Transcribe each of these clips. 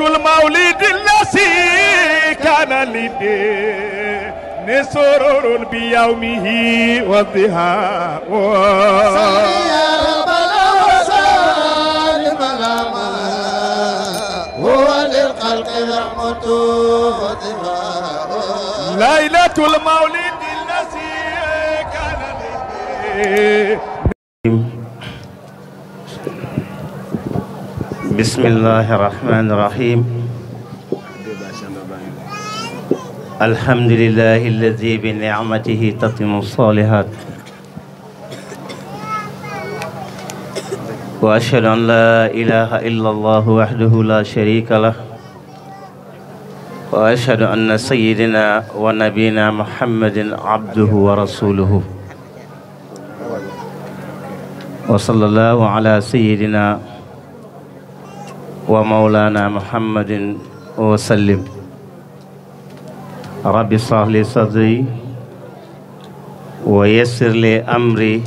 المولد الذي كان لدي سرور بيومه والضحى ليلة المولد الذي كان لدي بسم الله الرحمن الرحيم الحمد لله الذي بنعمته تتم الصالحات وأشهد أن لا إله إلا الله وحده لا شريك له وأشهد أن سيدنا ونبينا محمد عبده ورسوله وصلى الله على سيدنا ومولانا محمد وسلم رب اشرح لي صدري ويسر لي أمري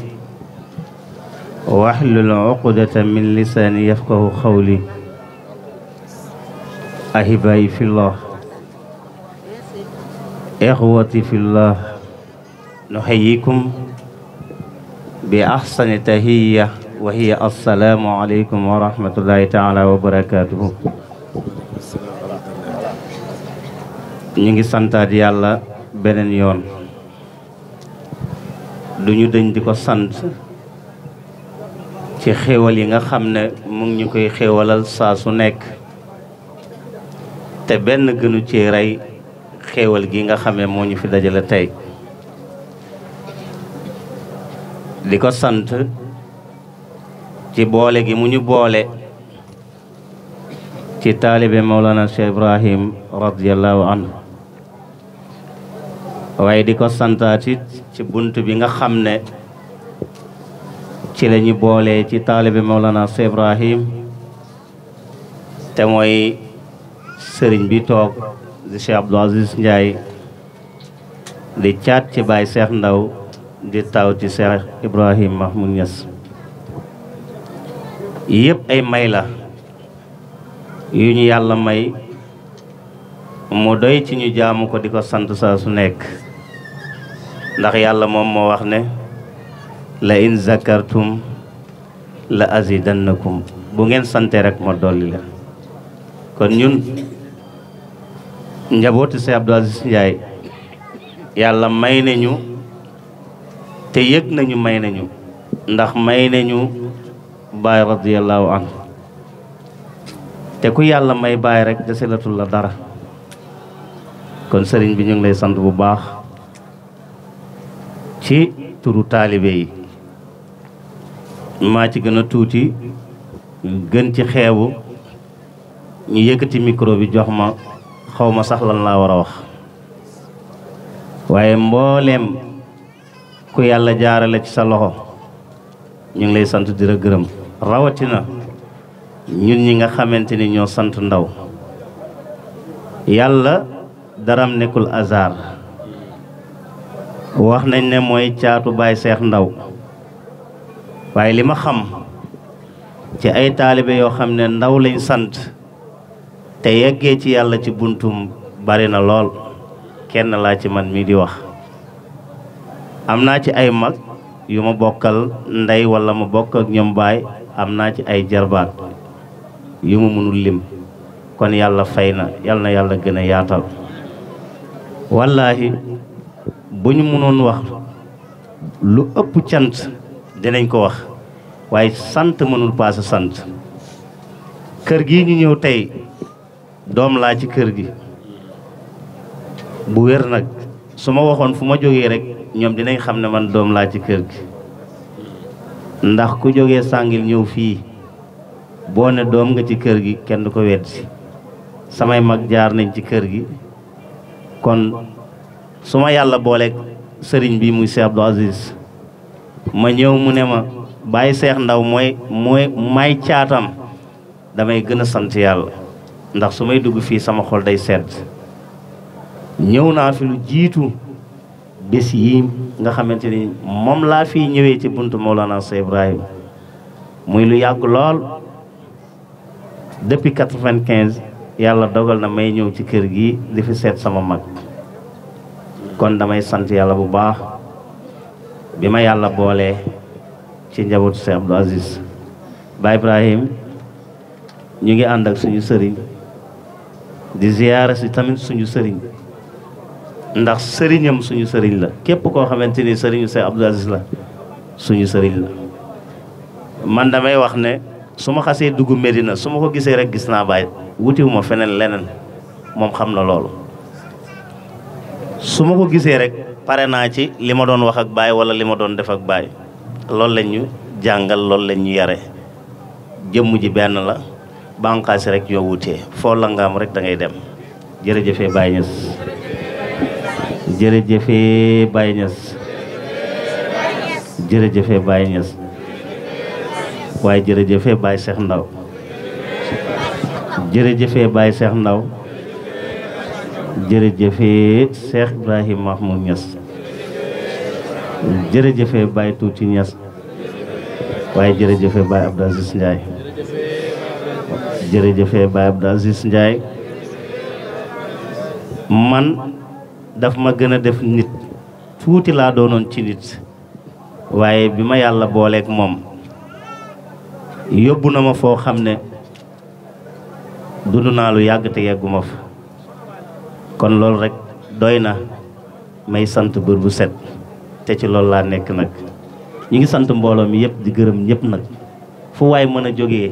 واحلل عقدة من لساني يفقه قولي أحبائي في الله إخوتي في الله نحييكم بأحسن تهية وهي السلام عليكم ورحمة الله تعالى وبركاته نيجي سانتا ديالا بنن يون دنيو دنج ديكو سانت تي خيوال ييغا خامن موغ نيكوي خيوالال ساسو نيك تي بن گنو تي راي خيوال گيغا خامي مو ني في داجالا تاي ديكو سانت ci boole gi mu ñu boole ci taalibe Mawlana Cheikh Ibrahim radiyallahu anhu waaye di ko santaati ci bunt bi nga xam ne ci la ñu boole ci taalibe Mawlana Cheikh Ibrahim te mooy sëriñ bi toog di Cheikh Abdou Aziz Ndiaye di caat ci bay Cheikh Ndaw di taw ci Cheikh Ibrahim Mahmoud Niass yëpp ay may la yu ñu yàlla may mu doy ci ñu jaamu ko di ko sant saa su nekk ndax yàlla moom moo wax ne la in zakartum la azidannakum bu ngeen sante rek ma dolli la kon ñun njabootu Sëñ Abdou Aziz Ndiaye yàlla may ñu te yëg nañu may nañu ndax may nañu baay radiyallahu anhu te ku yàlla may baay rek deselatul la dara kon sëriñ bi ñu ngi lay sant bu baax ci turu taalibe yi maa ci gën a tuuti gën ci xeebu ñu yëkkati micro bi jox ma xaw ma sax lan laa war a wax waaye mbooleem ku yàlla la ci sa loxo ñu ngi lay sant di la gërëm rawatina ñun ñi nga xamante ni ñoo sant ndaw yàlla daram nekkul hasard wax nañ ne mooy caatu baay seex ndaw waaye li ma xam ci ay taalibe yoo xam ne ndaw lañ sant te yeggee ci yàlla ci buntum bari na lool kenn laa ci man mii di wax am naa ci ay mag yu ma bokkal ndey walla ma bokk ak ñoom baay am naa ci ay jarbaat yu ma mënul lim kon yàlla fay na yàlla na yàlla gën a yaatal wallaahi bu ñu mënoon wax lu ëpp cant dinañ ko wax waaye sant mënul paase sant kër gi ñu ñëw tey doom laa ci kër gi bu wér nag su ma waxoon fu ma jógee rek ñoom dinañ xam ne man doom laa ci kër gi ndax ku jógee sàngil ñëw fii boo ne doom nga ci kër gi kenn du ko weddi samay mag jaar nañ ci kër gi kon suma yàlla booleek sëriñ bi muy Cheikh Abdou ma ñëw mu ne ma bàyyi seex ndaw mooy mooy may caatam damay gën a sant yàlla ndax su may dugg fii sama xol day sedd ñëw naa fi lu jiitu bés yi nga xamante ni moom laa fi ñëwee ci buntu Mawlana Cheikh Ibrahim muy lu yàgg lool depuis quatre vingt yàlla dogal na may ñëw ci kër gi di fi seet sama mag kon damay sant yàlla bu baax bi ma yàlla boolee ci njabootu Cheikh Abdou Aziz Ba Ibrahim ñu ngi ànd ak suñu sëriñ di ziyaara si tamit suñu sëriñ ndax sëriñam suñu sëriñ la képp koo xamante ni sëriñu Seex Abdou Aziz la suñu sëriñ la man damay wax ne su ma xasee dugg Medina su ma ko gisee rek gis naa bàyyi wutiwuma feneen leneen moom xam na loolu su ma ko gisee rek pare naa ci li ma doon wax ak baay wala li ma doon def ak baay loolu la ñu jàngal loolu la ñu yare jëmm ji benn la bànqaasi rek yoo wutee foo langaam rek da ngay dem jërëjëfee Baye Niass jërëjëfe Baye Niass jërëjëfee Baye Niass waaye jërëjëfe Baye Cheikh Ndaw jërëjëfe Baye Cheikh Ndaw jërëjëfee Cheikh Ibrahim Mahmoud Niass jërëjëfee Baye Tuuti Niass waaye jërëjëfee Baye Abdou Aziz Ndiaye jërëjëfee Baye Abdou Aziz Ndiaye man daf ma gën a def nit tuuti laa doonoon ci nit waaye bi ma yàlla booleeg moom yóbbu na ma foo xam ne dund naa lu yàgg te yegguma fa kon loolu rekk doy na may sant bër bu set te ci loolu laa nekk nag ñu ngi sant mbooloo mi yëpp di gërëm ñëpp nag fu waay mën a jóge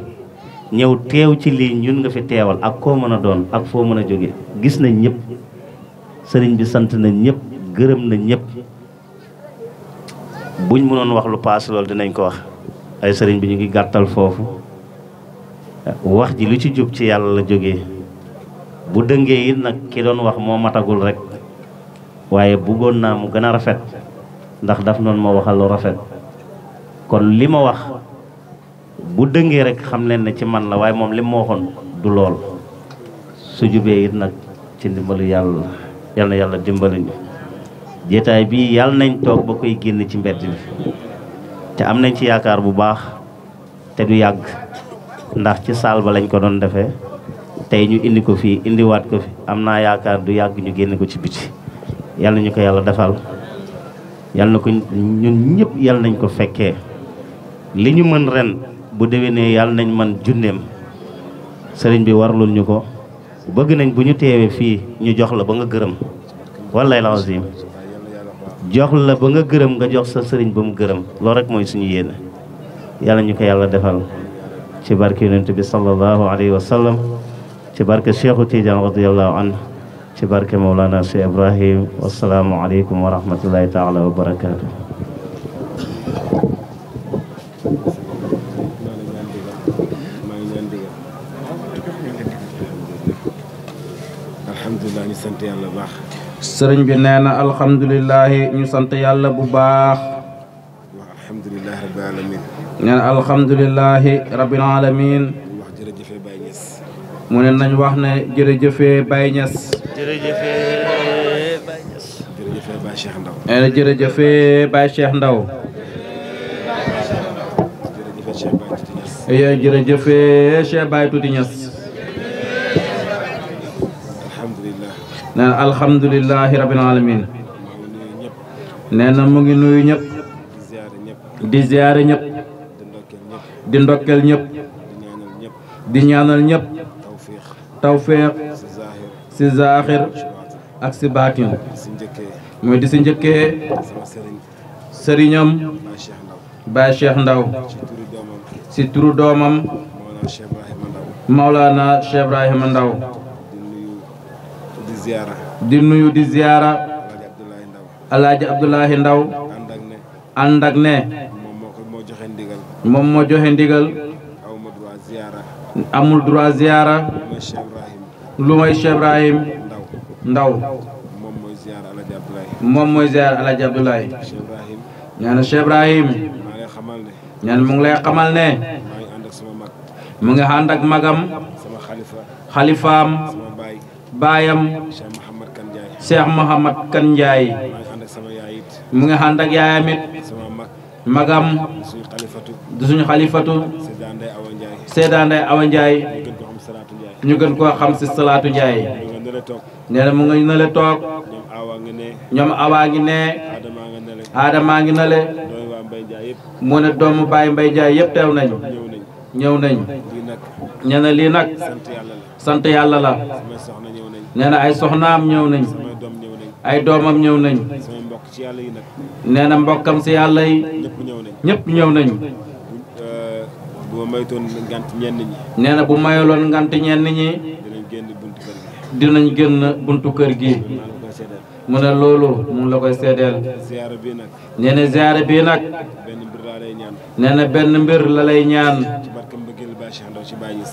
ñëw teew ci lii ñun nga fi teewal ak koo mën a doon ak foo mën a jóge gis nañ ñëpp sëriñ bi sant na ñëpp gërëm na ñépp buñ noon wax lu paas loolu dinañ ko wax ay sëriñ bi ñu ngi gàttal foofu wax ji lu ci jub ci yàlla la jóge bu dëngee it nag ki doon wax moo matagul rek waaye bëggoon naa mu gën a rafet ndax daf noon ma waxal lu rafet kon li ma wax bu dëngee rek xam leen ne ci man la waaye moom li ma waxoon du lool su jubee it nag ci ndimbalu yàlla yal na yàlla dimbali ñu jeetaay bii yal nañ toog ba koy génn ci mbedd bi te am nañ ci yaakaar bu baax te du yàgg ndax ci saal ba lañ ko doon defee tey ñu indi ko fii indiwaat ko fi am naa yaakaar du yàgg ñu génn ko ci biti yal na ko yàlla defal yal na ko ñun ñëpp yal nañ ko fekkee li ñu mën ren bu déwénee yal nañ man junneem sëriñ bi warlul ñu ko bëgg nañ bu ñu teewee fii ñu jox la ba nga gërëm wallaay lazim jox la ba nga gërëm nga jox sa sëriñ ba mu gërëm loolu rek mooy suñu yéene yàlla ñu ko yàlla defal ci barke yonent bi sallallahu alayhi wa sallam ci barke cheikhu tidiane radiallahu anhu ci barke maulana cheikh ibrahim wasalaamu aleykum wa rahmatullahi taala wa barakatuh sëriñ bi nee na alhamdulilahi ñu sant yàlla bu baax alhamdulilahi rabbil alamin nee na alamin wax mu ne nañ wax ne jërëjëfee Baye Niass jërëjëfee Baye Niass jërëjëfee Baye Cheikh Ndaw nee na jërëjëfee Baye Cheikh Ndaw jërëjëfee Cheikh Baye Tuuti nee na alhamdulilahi alamin nee na mu ngi nuyu ñëpp di ziyaare ñëpp di ndokkel ñëpp di ñaanal ñëpp tawféex si zaaxir ak si baatin mooy di si njëkkee sëriñam Baay Cheikh Ndaw si turu doomam Mawlaana Cheikh Ibrahima Ndaw ziyaara. di nuyu di ziyaara. Alaaji Abdoulahi Ndaw. ànd ak ne. moom moo joxe ndigal. moom moo joxe ndigal. amul droit ziyaara. amul droit ziyaara. lu may Cheikh Ibrahim. Ndaw. moom mooy ziyaara Alaaji Abdoulahi. moom mooy ñaan mu ngi lay xamal ne. mu ngi ànd ak magam. xalifaam. baayam Cheikh Mouhamad Kan Njaay mu nga ànd ak yaayam it magam du suñu xalifatu Seyda Ndey Awa Njaay ñu gën koo xam si Salaatu Njaay nee na mu nga na le toog ñoom awaa ngi ne aadamaa ngi na le mu ne doomu Baye Mbay Njaay yëpp teew nañu ñëw nañu nee na lii nag sant yàlla la nee ay soxnaam ñew nañ ay doomam ñew nañ nee mbokam ci yalla yi ñep ñew nañ bu mayton ngant ñen ñi nee bu mayaloon ngant ñen ñi dinañ genn buntu kër gi mu ne loolu mu la koy seedeel nee na ziyaara bii nag nee na benn mbir la lay ñaan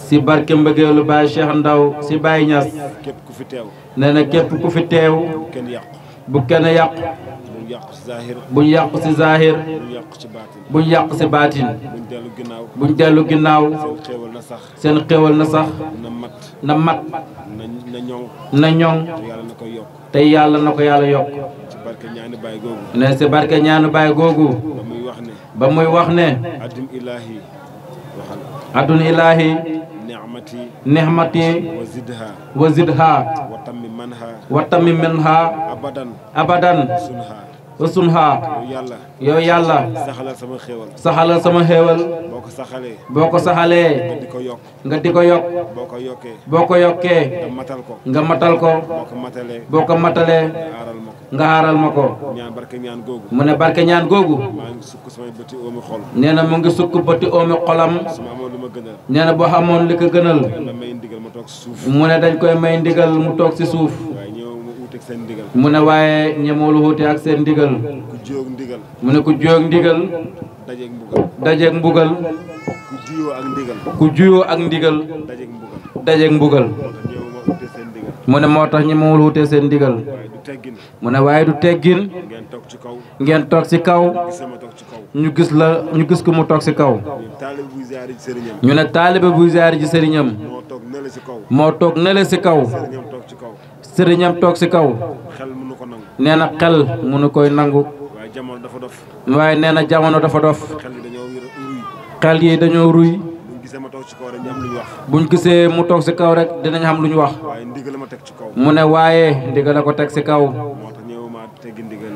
si barke mbëggeelu Baye Cheikh Ndaw si Baye Niass nee na képp ku fi teew bu kenn yàqu buñ yàqu si zahir buñ yàqu si baatin buñ dellu ginnaaw seen xéewal na sax na mat na ñoŋ te yàlla na ko yàlla yokk ne si barke ñaanu baay googu ba muy wax ne عدل إلهي نعمتي نعمتي وزدها وزدها وتم منها وتم منها أبدا أبدا سنها wasun haa yow yàlla saxalal sama xéewal saxalal sama xéewal boo ko saxalee boo ko saxalee nga di ko yokk nga di ko yokk boo ko yokkee boo ko yokkee nga matal ko nga matal ko boo ko matalee boo ko matalee nga aaral ma ko ñaan barke ñaan mu ne barke ñaan googu maa ngi sukk samay bëti oomi xol nee na mu ngi sukk bëti oomi xolam nee na boo xamoon li ko gënal mu ne dañ koy may ndigal mu toog si suuf wuute ak seen ndigal mu ne waaye ñemewul wuute ak seen ndigal ku mu ne ku jóog ndigal dajeeg mbugal dajeeg mbugal ku juyoo ak ndigal ku juyoo ak ndigal mu ne moo tax ñemewul wuute seen ndigal mu ne waaye du teggin ngeen toog ci kaw ngeen toog ci kaw ñu gis la ñu gis ko mu toog ci kaw ñu ne taalibe buy ziyaar ji sëriñam moo toog nele ci kaw serignam tok ci kaw neena na xel munu koy nangu way neena jamono dafa dof xel yi dañu ruy buñ gisé mu tok ci kaw rek dinañ xam luñ wax mu ne waaye ndigal ko tek ci kaw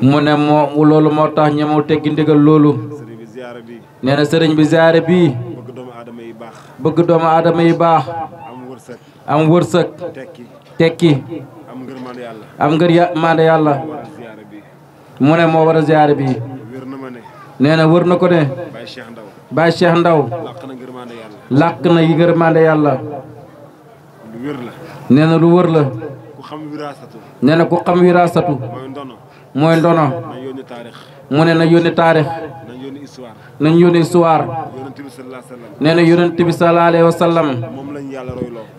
mu ne moo loolu moo tax ndigal lolu neena serign bi ziaré bi bëgg doomu bax am am tekki am ngir mande yalla mu ne mo wara ziyare bi neena na wër na ko ne bay Cheikh Ndaw lak na ngir mande yalla neena lu wër la neena ku xam wirasatu moy ndono moy mu ne na yoni tarikh nañ yónnee suwaar nee na yonent bi sallallahu alayhi wa sallam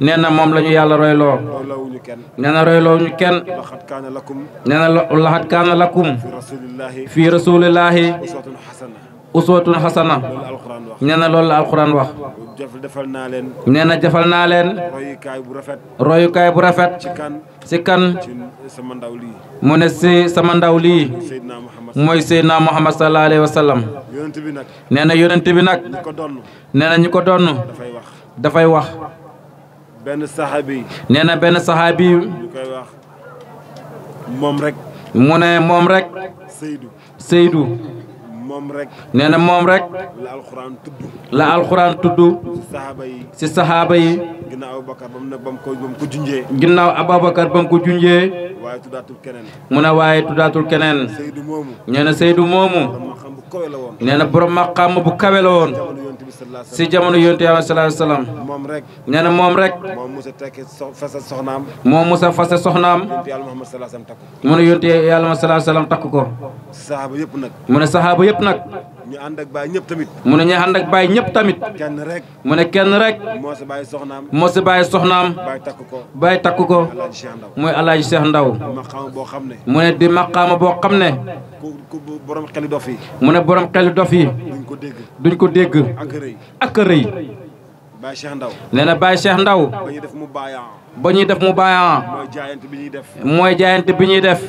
nee na moom la ñu yàlla royloo nee na royloo ñu kenn nee na laxat kaana lakum fii rasulillahi uswatun xasana nee na loolu la alxuraan wax nee na jafal naa leen royukaay bu rafet ci kan mu ne ci sama ndaw lii mooy Seydina Muhammad sallallahu alayhi wa sallam nee na yonent bi nag nee na ñu ko donn dafay wax benn saxaabi nee benn saxaabi moom rek mu ne moom rek Seydou moom rek. na moom rek. la alxuraan tudd. la alxuraan tudd. si saxaaba yi. si saxaaba yi. ginnaaw Abubakar ba mu ne ba mu ko ba mu ko junjee. ginnaaw ko junjee. waaye tuddaatul keneen. mu ne waaye tuddaatul keneen. Seydou moomu. moomu. nee na borom maqaama bu kawe la woon si jamono yonent a sallallahu alayhi wasallam moom rek nee na moom rek moom musa tekki fase soxnaam moom musa fase soxnaam mu ne yonent a sallallahu alayhi wasallam takk ko mu ne sahaaba yëpp nag ñu ànd ak baay ñëpp tamit. mu ne ñu ànd ak baay ñëpp tamit. kenn rek. mu ne kenn rek. moo si bàyyi soxnaam. moo si bàyyi soxnaam. baay takk ko. baay takk ko. muy alaaji Cheikh Ndaw. maqaama boo xam ne. mu ne di maqaama boo xam ne. ku ku borom xeli dof yi. mu ne borom xeli dof yi. duñ ko dégg. duñ ko dégg. ak rëy. ak Baye Cheikh Ndaw nee na Baye Cheikh Ndaw ba def mu baayan ba ñuy def mu baayan mooy jaayante bi ñuy def mooy jaayante bi ñuy def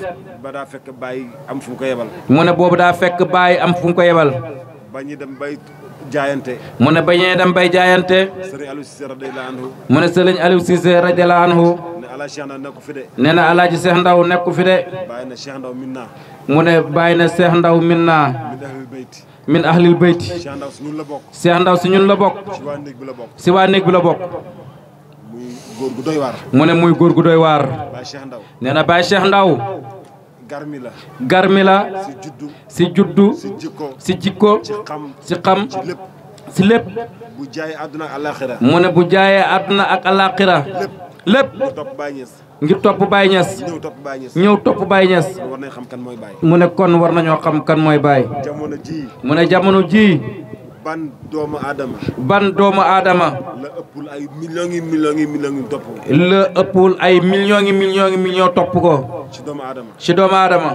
ba daa fekk Baye am fu mu ko yebal mu ne boobu daa fekk Baye am fu mu ko yebal ba ñuy dem bay jaayante mu ne ba ñuy dem bay jaayante sëriñ Aliou Cissé radiyallahu anhu mu ne sëriñ Aliou Cissé radiyallahu anhu ne Alaaji Cheikh Ndaw nekku fi de nee na Alaaji Cheikh Ndaw nekku fi na Cheikh Ndaw min naa mu ne bàyyi na Cheikh Ndaw min naa min ahlil bayti Cheikh Ndaw si ñun la bokk Cheikh Ndaw si ñun la bokk si waa néeg bi la bokk si waa néeg bi muy góor gu doy waar mu ne muy góor waar Ndaw nee na Baye Cheikh Ndaw garmi la garmi si juddu si jikko si xam si lépp àdduna ak mu ne bu jaayee àdduna ak alaaxira lépp ngir topp Baye Niass ñëw topp Baye Niass mu ne kon war nañoo xam kan mooy Baye mu ne jamono ji ban doomu aadama. ban doomu aadama. la ëppul ay millions yi millions yi millions yi topp ko. ay millions yi millions yi millions ko. ci doomu aadama. ci doomu aadama.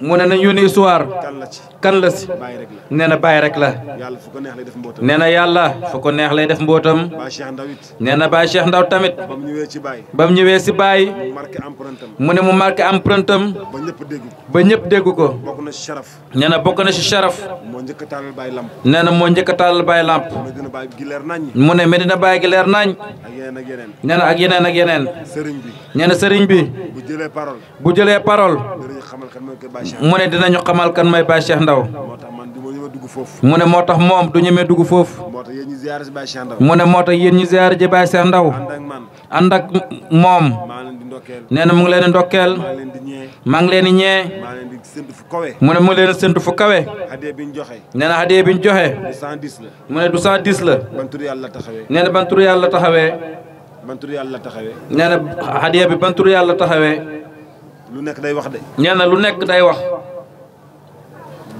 mu ne nañ yónni histoire. kan la ci. kan la si. na bàyyi rek la. yàlla fu ko neex lay def nee na yàlla fu ko neex lay def mbootam. nee na Baye Cheikh Ndaw tamit. ba mu ñëwee ci Baye. ba mu ñëwee si mu ne mu marqué empreinte am. ba ñëpp dégg ba ñëpp dégg ko. bokk na si Sharaf. nee na bokk na si Sharaf. moo njëkk na moo njëkk a tàllal Baye Lamp mu ne Medina Baye gi leer nañ nee na ak yeneen ak yeneen nee na sëriñ bi bu jëlee parole mu ne dinañu xamal kan mooy Baye Cheikh Ndaw mu ne moo tax moom du ñemee dugg foofu mu ne moo tax yéen ñu ziyaar ji Baye Cheikh Ndaw ànd ak moom nee na mu ngi leen di ndokkeel maa ngi leen di ñee mu ne mu ngi leen di séntu fu kawe nee na hadiya bi ñu joxe mu ne du 110 la nee na ban tur yàlla taxawee nee na hadiya bi ban tur yàlla taxawee nee na lu nekk lu nekk day wax.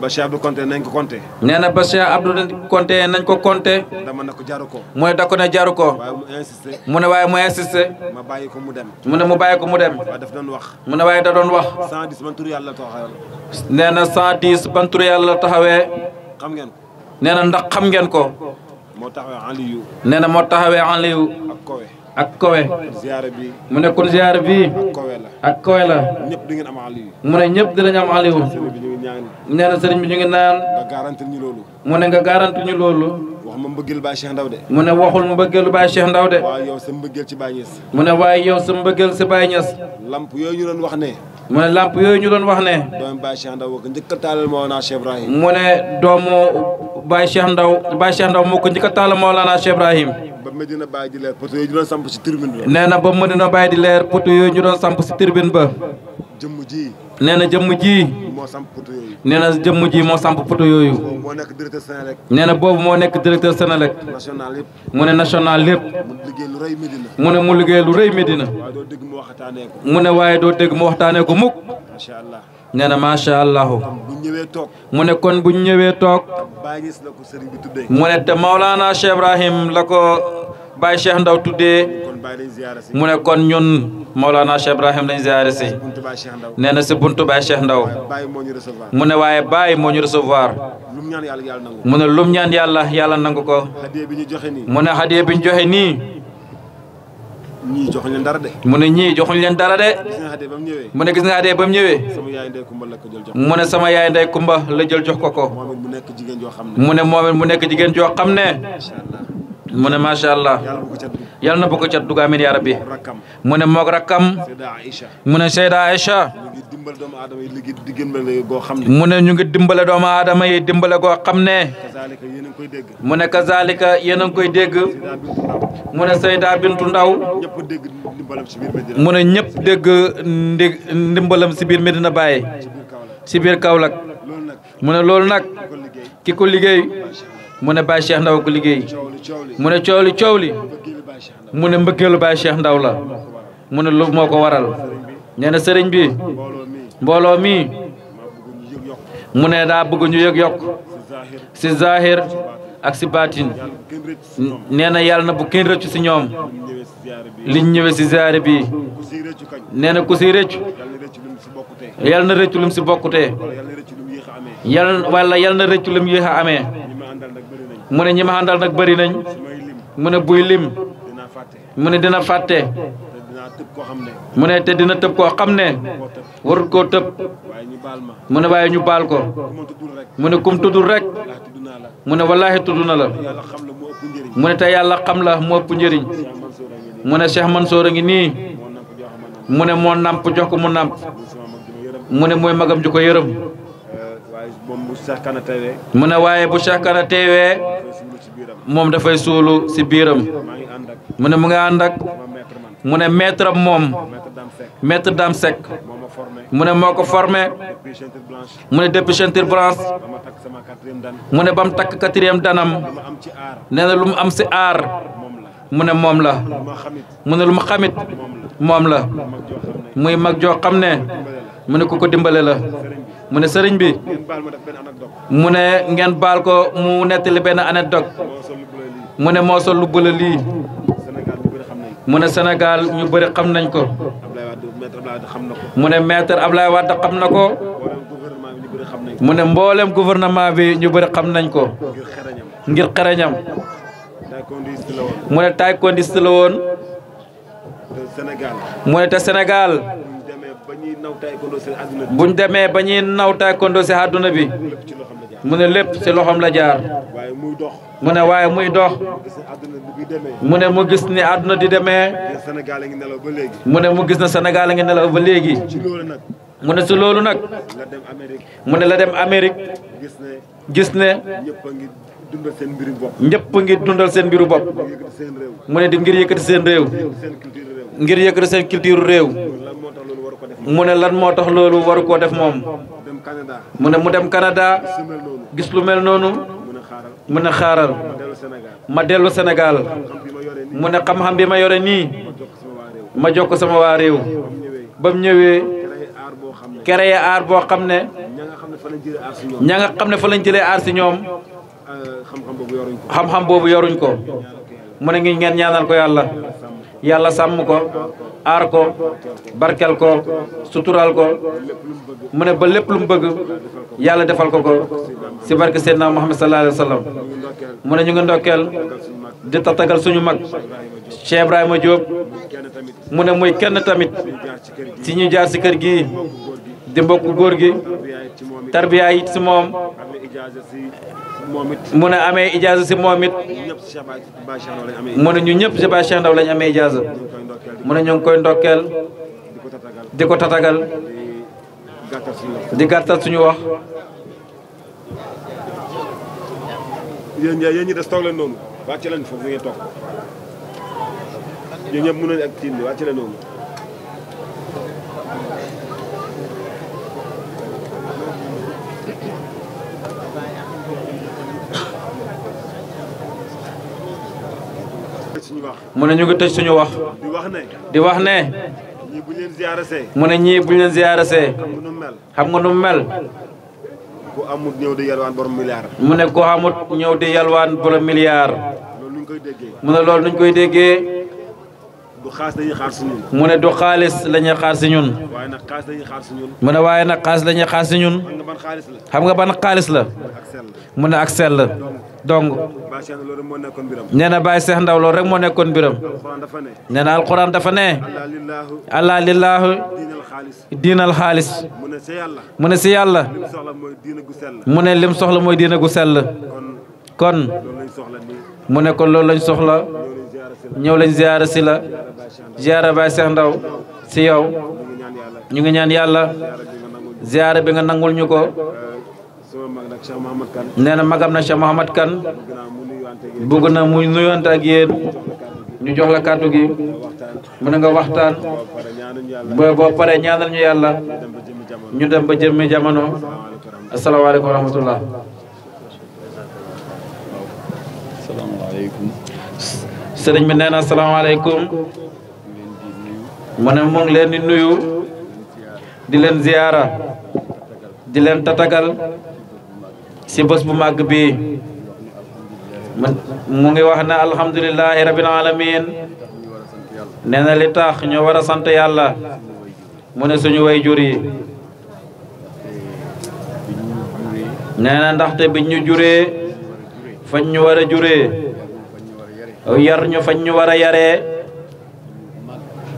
ba Cheikh Abdou Konté nañ ko compté. nee na ba Cheikh Abdou Konté nañ ko compté. dama ne ko jaru ko. mooy da ko ne jaru ko. waaye mu insisté. mu ne waaye mu insisté. ma bàyyi ko mu dem. mu ne mu bàyyi ko mu dem. daf doon wax. mu ne waaye da doon wax. 110 ban tur yàlla la taxawee. nee na 110 ban tur yàlla taxawee. xam ngeen ko. nee na ndax xam ngeen ko. moo taxawee Aliou. nee na moo taxawee Aliou. ak ak kowe ziyaara bi mu ne kon ziyaara bi ak kowe la ñëpp di ngeen am aliyu mu ne ñëpp dinañ am aliyu nee na sëriñ bi ñu ngi naan nga garantil ñu loolu mu ne nga garantil ñu loolu wax ma mbëggeel Baye Cheikh Ndaw de mu ne waxul mbëggeelu Baye Cheikh Ndaw de waaye yow sa mbëggeel ci Baye Niass mu ne waaye yow sa mbëggeel si Baye Niass lamp yooyu ñu doon wax ne mu ne làmp yooyu ñu doon wax ne. doomu Baye Cheikh Ndaw moo ko njëkk a taalal Mawlana Cheikh Ibrahim. mu ne doomu Baye Cheikh Ndaw Baye Cheikh Ndaw moo ko njëkk a taalal Ibrahim. ba Medina Baye di leer poto yooyu ñu samp si tribune ba. nee na ba Medina Baye di leer poto ñu doon samp si tribune ba. jëmm ji. nee na jëmm ji. moo samp poto yooyu. nee moo samp poto yooyu. boobu moo nekk directeur Sénélec. mu ne national lépp. mu lu rëy Medina. mu ne mu liggéey lu rëy Medina. doo dégg mu waxtaanee ko. mu ne waaye doo dégg mu waxtaanee ko mukk. macha allah. nee na macha allah. bu ñëwee toog. mu ne kon bu ñëwee toog. mu ne te Maolana Cheikh Ibrahim la ko. Baye Cheikh Ndaw tuddee mu ne kon ñun Maulana Cheikh Ibrahim lañ ziare si nee na si buntu Baye Cheikh Ndaw mu ne waaye Baye moo ñu recevoir mu ne lum ñaan yàlla yàlla nangu ko mu ne hadiya bi ñu joxe nii. ñii joxuñ leen dara de. mu ne ñii joxuñ leen dara de. mu ne gis nga adee ba mu ñëwee. mu ne sama yaay ndey kumba la jël jox ko ko. mu ne moom mu nekk jigéen joo xam ne. mu ne macha allah yal na bu ko cat dugg amiin yaa rabbi mu ne moog rakkam mu ne Seyda Aïcha mu ne ñu ngi dimbale doomu aadama yi dimbale goo xam ne mu ne kazalika yéen a ngi koy dégg mu ne Seyda Bintu Ndaw mu ne ñëpp dégg ndi ndimbalam si biir Medina Baye si biir Kaolack mu ne nag ki ko liggéey. mu ne Baye Cheikh Ndaw ko liggéey mu ne coow li coow li mu ne mbëggeelu Baye Cheikh Ndaw la mu ne lu moo ko waral nee na sëriñ bi mbooloo mii mu ne daa bëgg ñu yëg yokk si zahir ak si baatin nee na yàlla na bu kenn rëccu si ñoom liñ ñëwee si ziyaare bi nee na ku si rëccu yàlla na rëccu lum si bokkutee yàlla wala yàlla na rëccu lum yéex a amee mu ne ñi ma àndal nag bëri nañ mu ne buy lim mu ne dina fàtte mu ne te dina tëb ko xam ne warut koo tëb mu ne waaye ñu baal ko mu ne kum tuddul rek mu ne wallaahi tudd na la mu ne te yàlla xam la mu ëpp njëriñ mu ne Cheikh Mansour a ngi nii mu ne moo namp jox ko mu namp mu ne mooy magam ju ko yërëm mu ne waaye bu Cheikh Kara teewee moom dafay suulu si biiram mu ne mu nga ànd ak mu ne maître am moom maître Dame Seck mu ne moo ko formé mu ne depuis ceinture blanche mu ne ba mu takk quatrième danam nee na lu mu am si aar mu ne moom la mu ne lu mu xamit moom la muy mag joo xam ne mu ne ku ko dimbale la mu ne sëriñ bi mu ne ngeen baal ko mu nettali benn anecdote mu ne moo sol lu bële lii mu ne senegal ñu bëri xam nañ ko mu ne maître Ablaye Wade xam na ko mu ne mboolem gouvernement bi ñu bëri xam nañ ko ngir xereñam mu ne taekwondo la woon mu ne te Sénégal buñ demee ba ñuy naw taekwondo si àdduna bi mu ne lépp ci loxoom la jaar mu ne waaye muy dox mu ne mu gis ni àdduna di demee mu ne mu gis na Sénégal a ngi nelaw ba léegi mu ne si loolu nag mu ne la dem Amérique gis ne ñëpp ngi dundal seen mbiru bopp mu ne di ngir yëkkati seen réew ngir yëkkati seen culture réew mu ne lan moo tax loolu waru koo def moom mu ne mu dem Canada gis lu mel noonu mu ne xaaral ma dellu Sénégal mu ne xam-xam bi ma yore nii ma jokk sama waa réew ba mu ñëwee créé aar boo xam ne ña nga xam ne fa lañ jëlee aar si ñoom euh, xam-xam boobu yoruñ ko mu ne ngi ngeen ñaanal ko yàlla yàlla sàmm ko aar ko barkel ko sutural ko mu ne ba lépp lu mu bëgg yàlla defal ko ko si barke Seydina Muhammad sallallahu alayhi wa sallam mu ne ñu ngi ndokkeel di tatagal suñu mag Cheikh Ibrahima Diop mu ne muy kenn tamit si ñu jaar si kër gi di mbokku góor gi tarbiya it si moom mu ne amee ijaaza si moom it mu ne ñu ñëpp si Baay Cheikh Ndaw lañ amee ijaaza mu ne ñu ngi koy ndokkeel di ko tatagal di gàttal suñu wax yéen ñaa yéen ñi des toog leen noonu wàcce leen foofu ngeen toog yéen ñëpp mën nañu ak tiim bi wàcce leen noonu mune ñu ngi tej suñu wax. di wax ne. mune ñi ne. ñii bu ñu leen xam nga nu mel. xam ku amut ñew di yalwaan borom milliard. mune ko amut ñew di yalwaan borom milliard. mune lool nuñ koy déggé du du lañu xaar ñun. xaar xaar xam nga ban la. xam ak sel dong nee na Baye Cheikh Ndaw loolu rek moo nekkoon mbiram nee na alquran dafa ne allah lillaahu diinal xaalis mu ne si yàlla mu ne lim soxla mooy diina gu sell kon mu ne kon loolu lañ soxla ñëw lañ ziyaara si la ziyaara Baye Cheikh Ndaw si yow ñu ngi ñaan yàlla ziyaara bi nga nangul ñu ko nee magam na Cheikh mohammed kan, kan? buguna na mu nuyonte ak yeen ñu jox la kaddu gi mën nga waxtaan bo boo ñaanal ñu yalla ñu dem ba jëmmi jamono warahmatullah assalamu alaykum sëriñ bi assalamu alaykum mo ngi leen nuyu di leen ziyara di leen tatagal si bu mag bi mu ngi wax na alhamdullilah ya rabbil alamin neena li tax ñu wara sante yalla ya yàlla mu ne suñu way juri neena ndax te biñ ñu juré fañ ñu wara juré oh, yar ñu fañ ñu wara yaré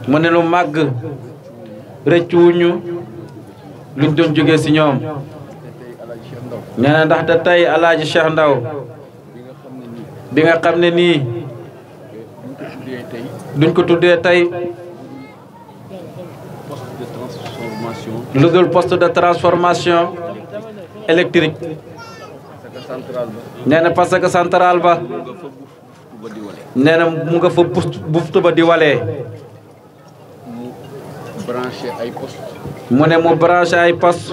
mu ne lu reccu ñu luñ doon joggé si ñoom nee ndax te tey alaaji Cheikh Ndaw bi nga xam ne nii duñ ko tuddee tey lu dul poste de transformation électrique nee na parce que centrale ba nee mu nga fa buftu ba di walee mu ne mu branché ay poste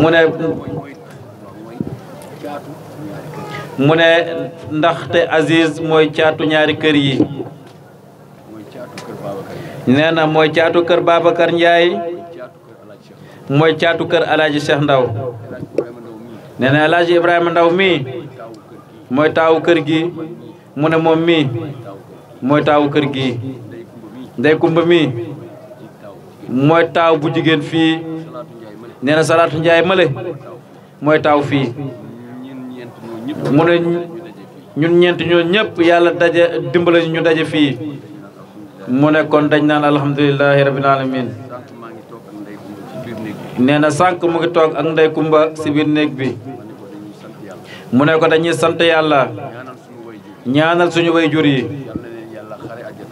mu ne mu ne ndaxte asis mooy caatu ñaari kër yi nee na mooy caatu kër Babacar Ndiaye mooy caatu kër Alaaji Cheikh Ndaw nee na Alaaji Ndaw mii mooy taawu kër gi mu ne moom mii mooy taawu kër gi ndey kumba mii mooy taaw bu jigéen fii nee na Salaatou male moy taw fi mu ne ñun ñent ñoo ñëpp yalla dajje dimbale ñu dajje fi mu ne kon dañ nan alhamdullilah rabbil alamin nee sank sànq mu ngi tok ak nday kumba ci bir neeg bi mu ne ko dañuy sant yalla ñaanal suñu way jur yi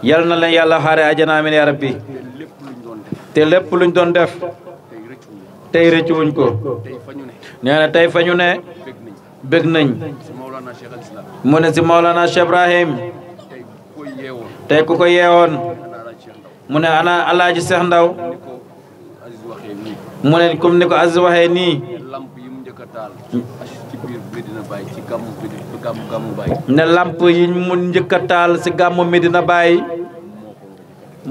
yal na la yalla xare aljana min ya rabbi te lepp luñ doon def tey rëccu wuñ ko nee na tey fa ñu ne bëgg nañ mu ne si Maolana Cheikh tey ku ko yeewoon mu ne ana alaaji Cheikh Ndaw mu ne comme ni ko Aziz waxee nii ne lamp yi mu njëkk a taal si gàmmu Medina Baye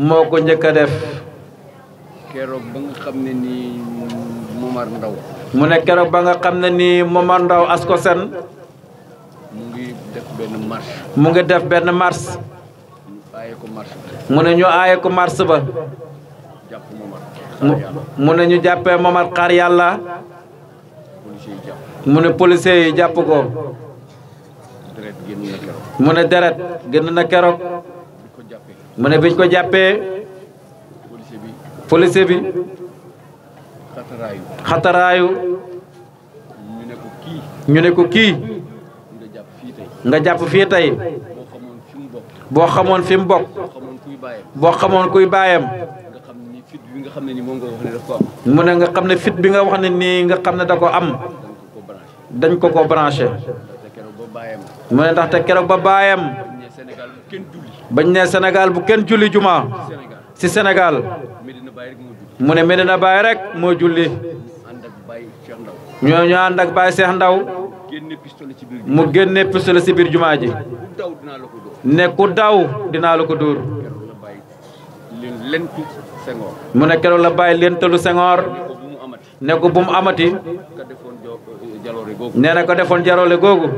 moo ko njëkk def Momar Ndaw mu ne keroog ba nga xam ne nii Momar Ndaw Ascosen mu ngi def benn marche mu ngi def benn marche mu ne ñu aaye ko marche ba mu ne ñu jàppee Momar Xaar Yàlla mu ne policier yi jàpp ko mu ne deret génn na keroog mu ne biñ ko jàppee policier bi khatarayu ñu ne ko ki nga jàpp fii tey boo xamoon fi mu bokk boo xamoon kuy baayam nga xamne fit bi nga xamne ne mo nga da am dañ ko ko brancher mo ne te kéro ba bayam bañ ne Sénégal bu kenn julli juma ci Sénégal mu ne Medina Baye rek moo julli ñoo ñu ànd ak Baye Cheikh Ndaw mu génne pistolet ci biir jumaa ji ne ku daw dinaa la ko dóor mu ne keroog la Baye lentalu Senghor ne ko bu mu amati nee na ko defoon jaroole googu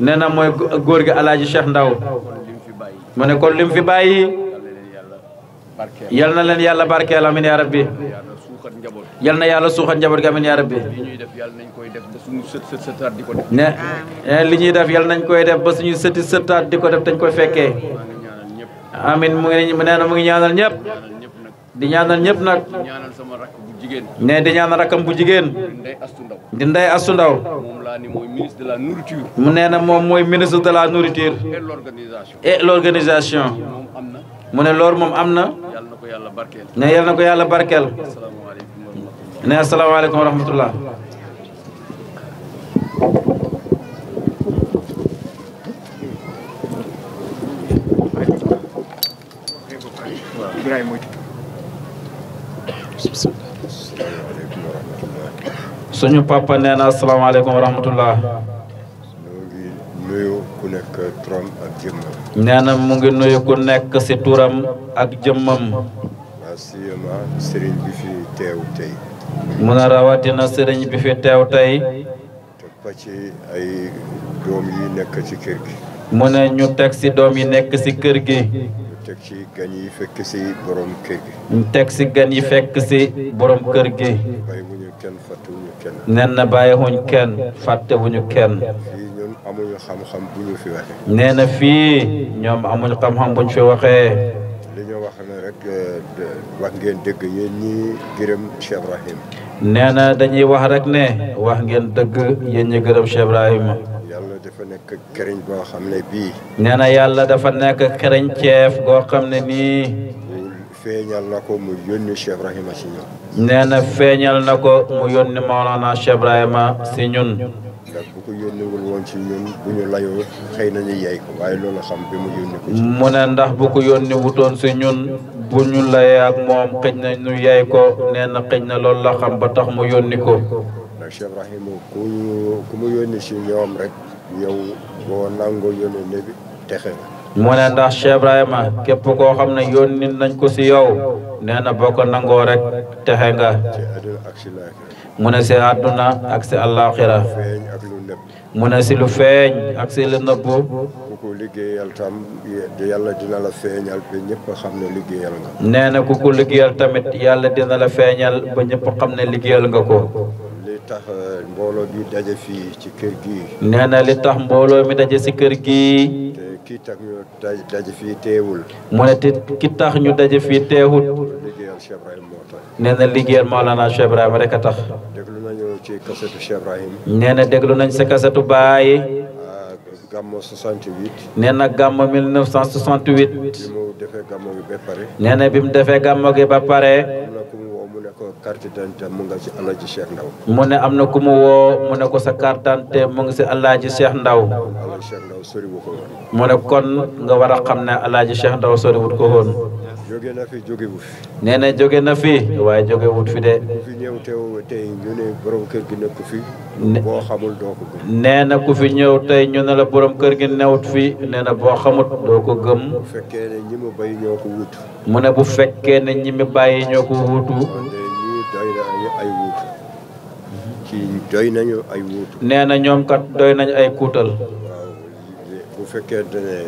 nee na mooy góor gi Alaaji Cheikh Ndaw mu ne kon lim fi yal len yalla yàlla barkeel amin ya rabbi yal na yàlla suuxat njaboot gi ya rabbi ne li ñuy def yal nañ koy def ba suñu seut di ko def dañ koy amin mu ngi neena mu ngi ñaanal ñep di ñaanal ñep nak ne di ñaanal rakam bu jigen di nday astu Ndaw mu neena mom moy ministre de la nourriture et l'organisation mu ne loolu moom am na. ko yàlla barkeel. ne yal na ko yàlla barkeel. ne asalaamaaleykum wa rahmatullah. suñu papa nee na asalaamaaleykum wa rahmatullah. nee mu ngi nuyu ku nekk ci turam ak jëmmam. asiyama sëriñ bi fi teew tey. mu ne rawatina sëriñ bi fi teew tey. toppa ci ay doom yi mu ne ñu teg ci doom yi nekk ci kër gi. ñu teg ci gën yi fekk ci borom kër gi. ñu teg ci gën yi fekk ci borom kër gi. bàyyi wuñu kenn fàttewuñu kenn. nee na bàyyi wuñ fàttewuñu kenn. amuñu xam-xam bu ñu fi waxee. nee na fii ñoom amuñu xam-xam bu ñu fi waxee. li ñu wax ne rek wax ngeen dëgg yéen ñi gërëm Cheikh Ibrahim. nee na dañuy wax rek ne wax ngeen dëgg yéen ñi gërëm Cheikh Ibrahim. yàlla dafa nekk këriñ boo xam ne bii. yàlla dafa nekk këriñ ceef goo xam ne nii. feeñal mu yónni Cheikh Ibrahima si ñun. nee na feeñal mu yónni Maolana Cheikh Ibrahima si ñun. nag bu ko yónniwul woon xëy na ñu waaye loolu xam bi mu yónni ko ne ndax bu ko yónni wutoon si ñun bu ñu layee ak moom xëj na ñu yey ko nee na xëj na loolu la xam ba tax mu yónni ko nag Cheikh Ibrahima ku ku mu yónni si ñoom rek yow boo nangoo yónni bi texe mu ne ndax Cheikh Ibrahima képp koo xam ne yónni nañ ko si yow nee na boo ko nangoo rek texe nga mu ne si àdduna ak si àllaaxira mu ne si lu feeñ ak si lu nëbbu. ku ko liggéeyal tam yàlla dina la feeñal ba ñëpp xam ne liggéeyal nga. nee na ku ko liggéeyal tamit yàlla dina la feeñal ba ñëpp xam ne liggéeyal nga ko. li tax eh, mbooloo bi daje fii ci kër gi nee na li tax mbooloo mi daje si kër gi te ki tax ñu daje fii teewul. mu ki tax ñu daje fii teewul. nee na liggéeyal Maolana Cheikh Ibrahima rek a tax. déglu nañu ci kasetu Cheikh Ibrahima. nee na déglu nañ sa kasetu Baye. gàmmo 68. nee na gàmmo 1968. bi mu defee gàmmo gi ba pare. nee na mu defee gàmmo gi ba pare. carte d'identité mu nga ci Alaaji Cheikh Ndaw mu ne am na ku mu woo mu ne ko sa carte d'identité mu ngi ci Alaaji Cheikh Ndaw Alaaji Cheikh mu ne kon nga wara xam ne Alaaji Cheikh Ndaw soriwut ko woon jóge na fi jóge wu fi. nee na jóge na fi waaye jóge wut fi de. ku fi ñëw teew tey ñu ne borom kër gi nekk fi. boo xamul doo ko gëm. nee na ku fi ñëw tey ñu ne la borom kër gi newut fi nee na boo xamut doo ko gëm. bu fekkee ne ñi mu bàyyi ñoo ko wuutu. mu ne bu fekkee ne ñi mu bàyyi ñoo ko wuutu. doy nañu ay wuutu. nee na ñoom kat doy nañu ay kuutal. bu fekkee ne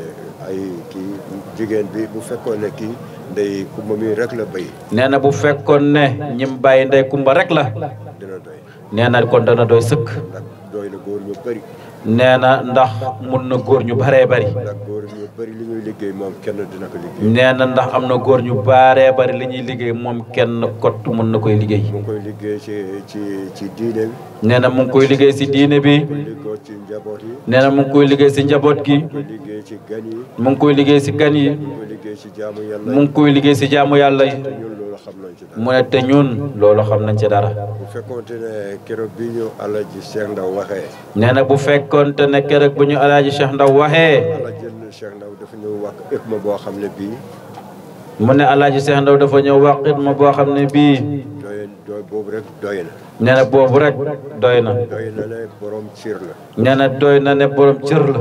ay kii jigéen bi bu fekkoon ne kii ndey kumba mi rek la bay. nee na bu fekkoon ne ñim bàyyi ndey kumba rek la. dina doy. nee na kon dana doy sëkk. ndax doy na góor ñu nee na ndax mun na góor ñu bëree bëri. ndax bari li ñuy liggéey moom kenn dina ko liggéey. nee na ndax am na góor ñu baaree bari li ñuy liggéey moom kenn kott mën na koy liggéey. mu ngi koy liggéey ci ci ci diine bi. nee na mu ngi koy liggéey si diine bi. ci njaboot yi. nee na mu ngi koy liggéey si njaboot gi. mu ngi koy liggéey si gan yi. mu ngi koy liggéey si gan yi. mu ngi koy liggéey si jaamu yàlla yi. mu ngi koy liggéey si jaamu yàlla yi. mu ne te ñun loolu xam nañ ci dara. bu fekkonte ne keroog bi ñu Alaaji Cheikh Ndaw waxee. nee bu fekkonte ne keroog bu ñu Alaaji Cheikh Ndaw waxee. Alaaji Cheikh Ndaw dafa ñëw wax xitma boo xam ne bii. mu ne Alaaji seex Ndaw dafa ñëw wax ma boo xam ne bii. doy boobu rek doy na. boobu rek doy na. doy na ne la. nee na doy na ne borom cër la.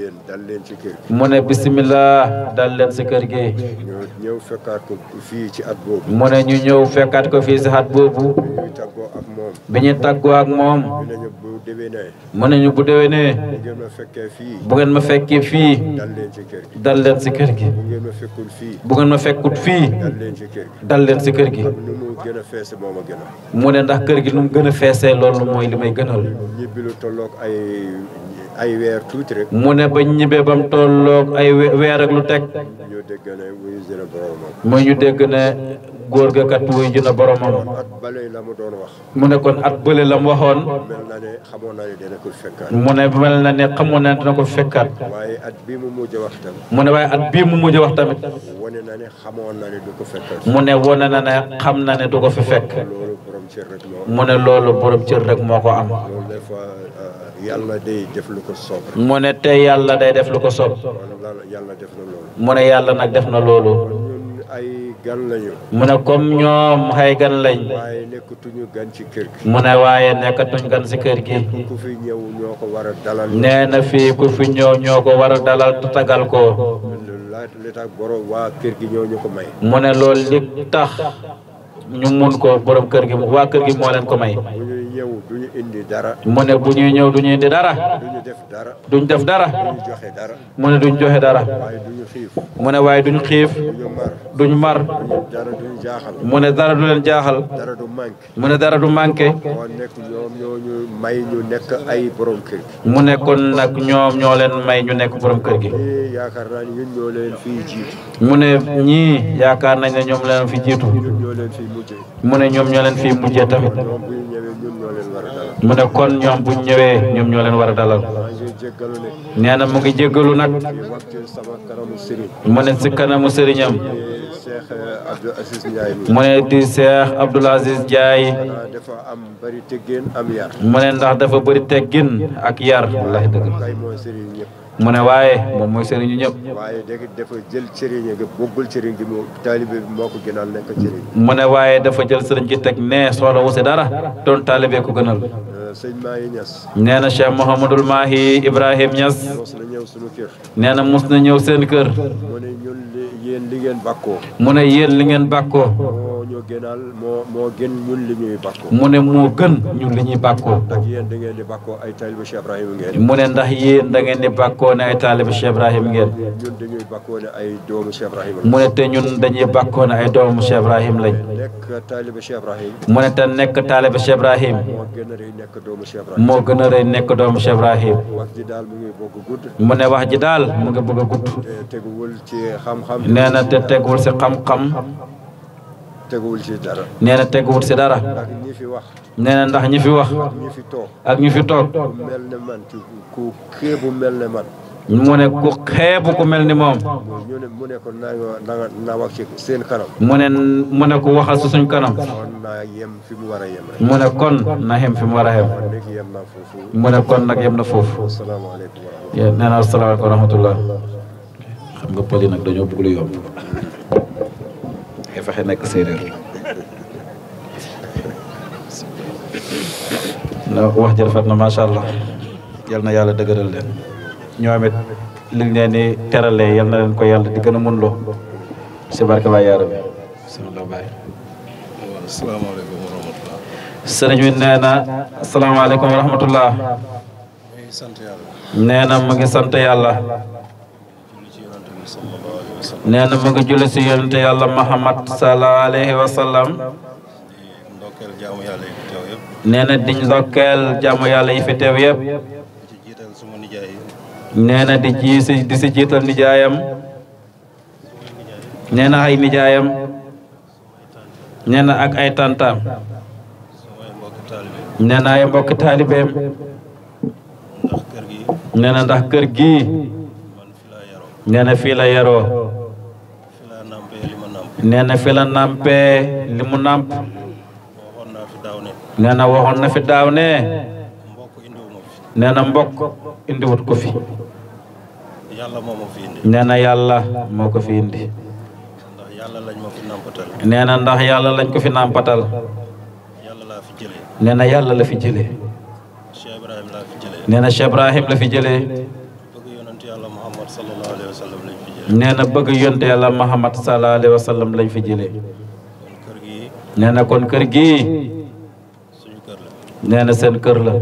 dal leen ci mu ne bisimila dal leen si kër gi. ñu ñëw fekkaat ko fii ci at boobu. mu ne ñu ñëw fekkaat ko fii si at boobu. bi ñuy tàggoo ak moom. bi ak moom. mu ne ñu bu déwénee. mu bu déwénee. bu ma fekkee fii. bu ngeen ma fekkee fii. dal leen ci kër gi. dal si kër gi. bu ngeen ma fekkut fii. dal leen si kër gi. si kër gi. nu mu gën feese moom mu ne ndax kër gi nu mu gën a feesee loolu mooy li may gënal. ñibbi ay weer tuuti rek. mu ne ba ñibbee ba mu tolloog ay weer ak mu teg. ñu dégg ne wuyu ji ñu dégg ne góor ga kat wuyu ji na boromam. at bële la mu doon wax. mu ne kon at bële la mu waxoon. mel xamoon na ne dina ko mu ne mel na ne xamoon na ne dina ko fekkaat. waaye at bii mu mujj wax tamit. mu ne waaye at bii mu mujj wax tamit. wane na ne xamoon na ne du ko fekkaat. mu ne wane na ne xam na ne du ko fi fekk. mu ne loolu borom cër rek moo ko am. yàlla day def lu ko soob. mu ne tey yàlla day def lu ko soob. yàlla def na loolu. mu ne yàlla nag def na loolu. ay gan lañu. mu ne comme ñoom ay gan lañ. waaye nekkatuñu gan ci kër gi. mu ne waaye nekkatuñ gan si kër gi. ku fi ñëw ñoo ko war a dalal. nee na fii ku fi ñëw ñoo ko war a dalal tagal ko. li tax borom waa kër gi ñoo ko may. mu ne loolu li tax ñu mun ko borom kër gi waa kër gi moo leen ko may. duñu indi dara. mu ne bu ñuy ñëw duñu indi dara. du def dara. duñ def dara. duñu joxe dara. mu duñ joxe dara. waaye duñu xiif. mu ne waaye duñ xiif. duñu mar. duñ mar. dara jaaxal. mu ne dara du leen jaaxal. dara du manqué. mu ne dara du manqué. kon nekk ñoom ñoo ñu may ay borom mu ne kon ñoom ñoo leen may ñu nekk borom kër gi. yaakaar naa ne fii jiitu. mu ne ñii yaakaar nañ ne ñoom leen fi jiitu. ñun ñoo leen fii mujjee. ñoom ñoo leen fii mujjee tamit. mu ne kon ñoom bu ñëwee ñoom ñoo leen war a dalal nee na mu ngi jéggalu nag mu ne si kanamu sëriñam mu ne di Cheikh Abdoul Aziz Ndiaye mu ne ndax dafa bëri teggin ak yar wallahi dëgg mu ne waaye moom mooy sëriñu ñëpp. waaye dafa jël sëriñ gi bokkul sëriñ gi mu taalibe bi moo ko gënal nekk sëriñ. mu ne waaye dafa jël sëriñ ki teg nee soxla wu si dara doon taalibe ko gënal. Euh, sëñ Mahi Niass. nee na Cheikh Mouhamadul Mahi Ibrahim Niass. mos na ñëw sunu kër. nee na mos na ñëw seen kër. mu ne ñun yéen li mu ne yéen li ngeen bàkkoo. moo gënal moo moo gën ñun li ñuy bàkkoo mu ne moo gën ñun li ñuy bàkkoo ndax yéen da ngeen di bàkkoo ay taaliba Cheikh Ibrahima ngeen mu ne ndax yéen da ngeen di ne ay taaliba Cheikh Ibrahima ngeen ñun dañuy ne ay Cheikh ne te ñun dañuy ne ay Cheikh lañ Cheikh ne te Cheikh Cheikh wax ji mu ngi bëgg gudd ne wax ji mu ngi bëgg gudd ci xam-xam te xam-xam teguwul ci dara. nee na ci dara. ak ñi wax. nee na ndax ñi fi wax. ak ñi fi toog. ak ñi fi toog. mel ne man ku kéebu mel ne man. mu ne ku xeebu ku mel ni moom. ñu ne mu ne ko wax ci seen kanam. mu ne mu ne ko su suñ kanam. kon yem fi mu war a yem mu ne kon na yem fi mu war a yem. mu ne kon nag yem na foof nee na asalaamaaleykum wa rahmatulah. xam nga pël yi dañoo bëgg lu yomb. te fexe nekk séeréer la wax ji rafet na macha allah yal na yàlla dëgëral leen ñoom it li ñu leen di teralee yal na leen ko yàlla gën a mun loo si barke baay wa rahmatullah sëriñ bi nee na asalaamaaleykum wa rahmatullah nee na ngi sant yàlla neena ma mu ngi ci yonte yalla Muhammad sallallahu Alaihi Wasallam. sallam nee na di ndokkeel jaamu yàlla yi fi tew yeb nee na di ji si di ci jital nijaayam nee na ay nijaayam nee na ak ay tantaam nee ay mbokki taalibeem nee ndax kër gii nee na la yaro nee na fi la nampee li mu namp nee na waxoon na fi daaw ne nee na mbokk indiwut ko fi nee na yàlla moo ko fi indi nee na ndax yàlla lañ ko fi nàmpatal nee yàlla la fi jëlee nee na la fi jëlee nee na bëgg yonte yàlla Muhammad sallallahu alayhi wa sallam lañ fi jëlee. nee na kon kër gii. nee na seen kër la.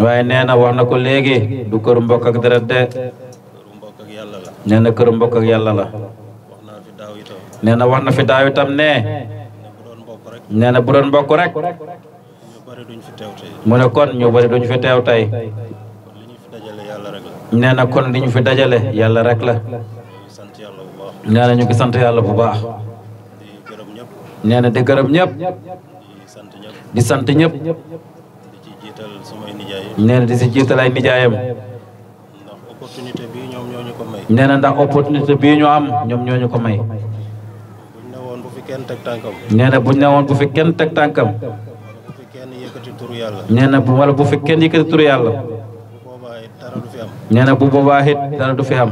waaye nee na wax na ko léegi du kër mbokk ak deret de. nee kër mbokk ak yàlla la. nee na wax na fi daaw itam ne. nee na bu doon mbokk rek. mu ne kon ñu bari duñ fi teew tey. nee na kon li ñu fi dajale yàlla rek la nee na ñu ngi sant yàlla bu baax nee na di gërëm ñëpp di sant ñëpp nee na di si jiital ay nijaayam nee na ndax opportunité bii ñu am ñoom ñoo ñu ko may. nee na buñ ne woon bu fi kenn teg tànkam. nee na bu wala bu fi kenn yëkkati turu yàlla. nee na bu boobaa it dara du fi am.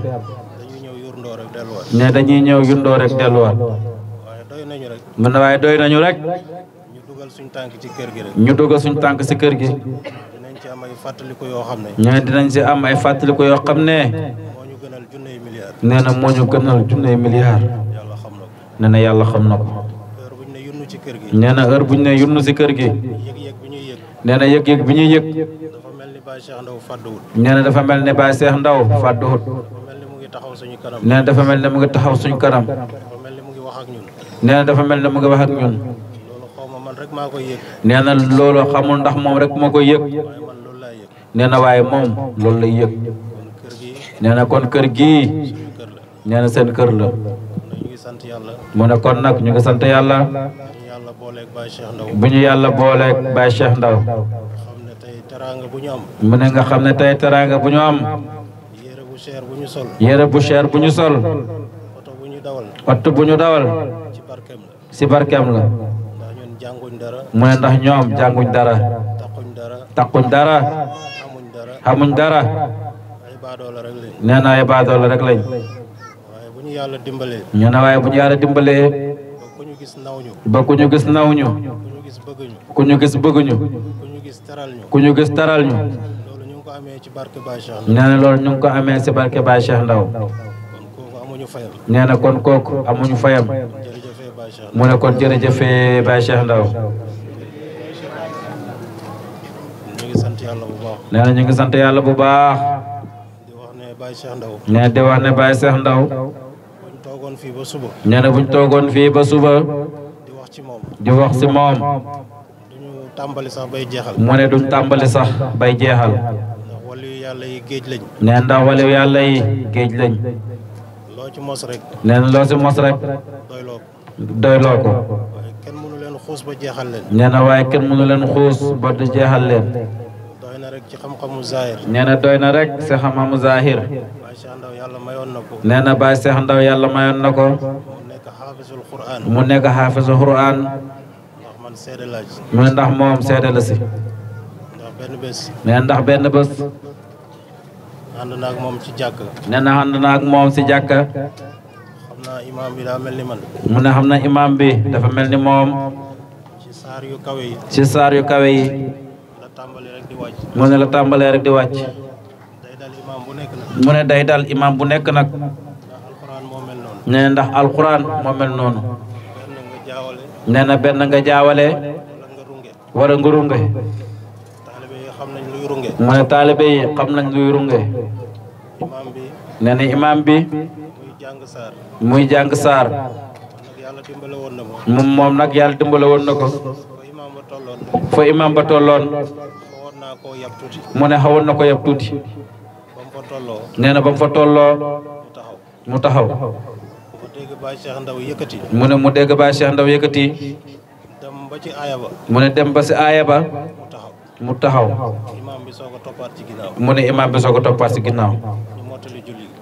ne dañuy ñëw yundoo rek delluwaat. mën na waaye doy nañu rek. ñu dugal suñ tànk ci kër gi rek. ñu dugal suñ tànk ci kër gi. dinañ ci am ay fàttaliku yoo xam ne. ñooñu dinañ ci am ay fàttaliku yoo xam ne. nee na moo ñu gënal junney milliard. nee na yàlla xam na ko. nee na heure bu ñu ne yunnu ci kër gi. nee na yëg-yëg bi ñuy yëg. Baye Cheikh Ndaw fàdduwut. nee na dafa mel ne Baye Cheikh Ndaw fàdduwut. nee na dafa mel ne mu ngi taxaw suñu kanam. nee na dafa mel ne mu ngi wax ak ñun. nee na loolu xamul ndax moom rek moo koy yëg. nee na waaye moom loolu lay yëg. nee na kon kër gii. nee na seen kër la. mu ne kon nag ñu ngi sant yàlla. bu ñu yàlla booleeg Baye Cheikh Ndaw. mu nga xamne tay teranga buñu am yere bu cher buñu sol yére bu cher dawal ci barkeem la si barkeem la mu ne ndax ñoom jànguñ dara takuñ dara amuñ dara neena ay baadoo la rek lañ ñu na way buñu yalla dimbalé ba kuñu gis nawñu ba kuñu gis nawñu kuñu gis bëgguñu ku ñu gis taral ñu. nee na loolu ñu ngi ko amee ci barke Baye Cheikh Ndaw. nee na kon kooku amuñu fayam. mu ne kon jërëjëfee Baye Cheikh Ndaw. nee ñu ngi sant yàlla bu baax. nee na di wax ne Baye Cheikh Ndaw. nee na buñ toogoon fii ba suba. di wax ci moom. tàmbali sax bay jeexal. mu ne du tàmbali sax bay jeexal. ndax waliyu yàlla yi géej lañ. nee ndax waliyu yàlla yi géej lañ. loo ci mos rek. nee na loo ci mos rek. doyloo ko doyloo leen xuus ba jeexal leen. nee na waaye kenn mënu leen xuus ba du jeexal leen. doy na rek ci xam-xamu zaahir. nee na doy na rek ci xam-xamu zaahir. yàlla mayoon na ko. nee na Baye mu nekk xaafisul Qur'an. seede la ndax moom seede la si. ndax benn bés. mais ndax benn bés. ànd moom ci jàkka. nee na moom si jàkka. xam naa imaam mel ni man. mu ne xam na imaam bi dafa mel ni moom. ci saar yu kawe yi. yu kawe yi. la rek di wàcc. mu ne la tàmbalee rek di wàcc. day dal bu nekk nag. mu ne day dal imaam bu nekk nag. nee ndax alxuraan moo mel noonu. nee na benn nga jaawale wala nga runge mu ne xam nañ luy runge nee na imaam bi muy jàng saar moom moom nag yàlla dimbale woon na ko fa imaam ba tolloon mu ne xawoon na ko yab tuuti nee na ba mu fa tolloo mu taxaw mune mu deg ba Cheikh Ndaw mune dem ba ci aya ba. mu taxaw. mune imam bi soko topat ci ginaaw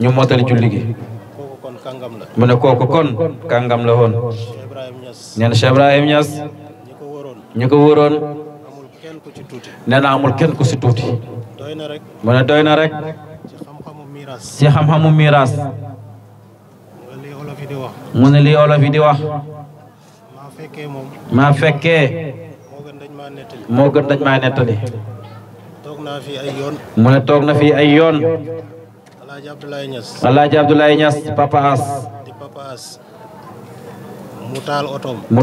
ñu motali julli gi. mune koku kon kangam la hon ñen Cheikh Ibrahim Niass. ñiko woron nena amul kenn ku ci tuti mu ne rek. ci xam-xamu mu ne li olof yi di wax ma fekkee moo gën dañ maa nettali mu ne toog na fi ay yoon Alaaji Abdoulaye Niass Papa As mu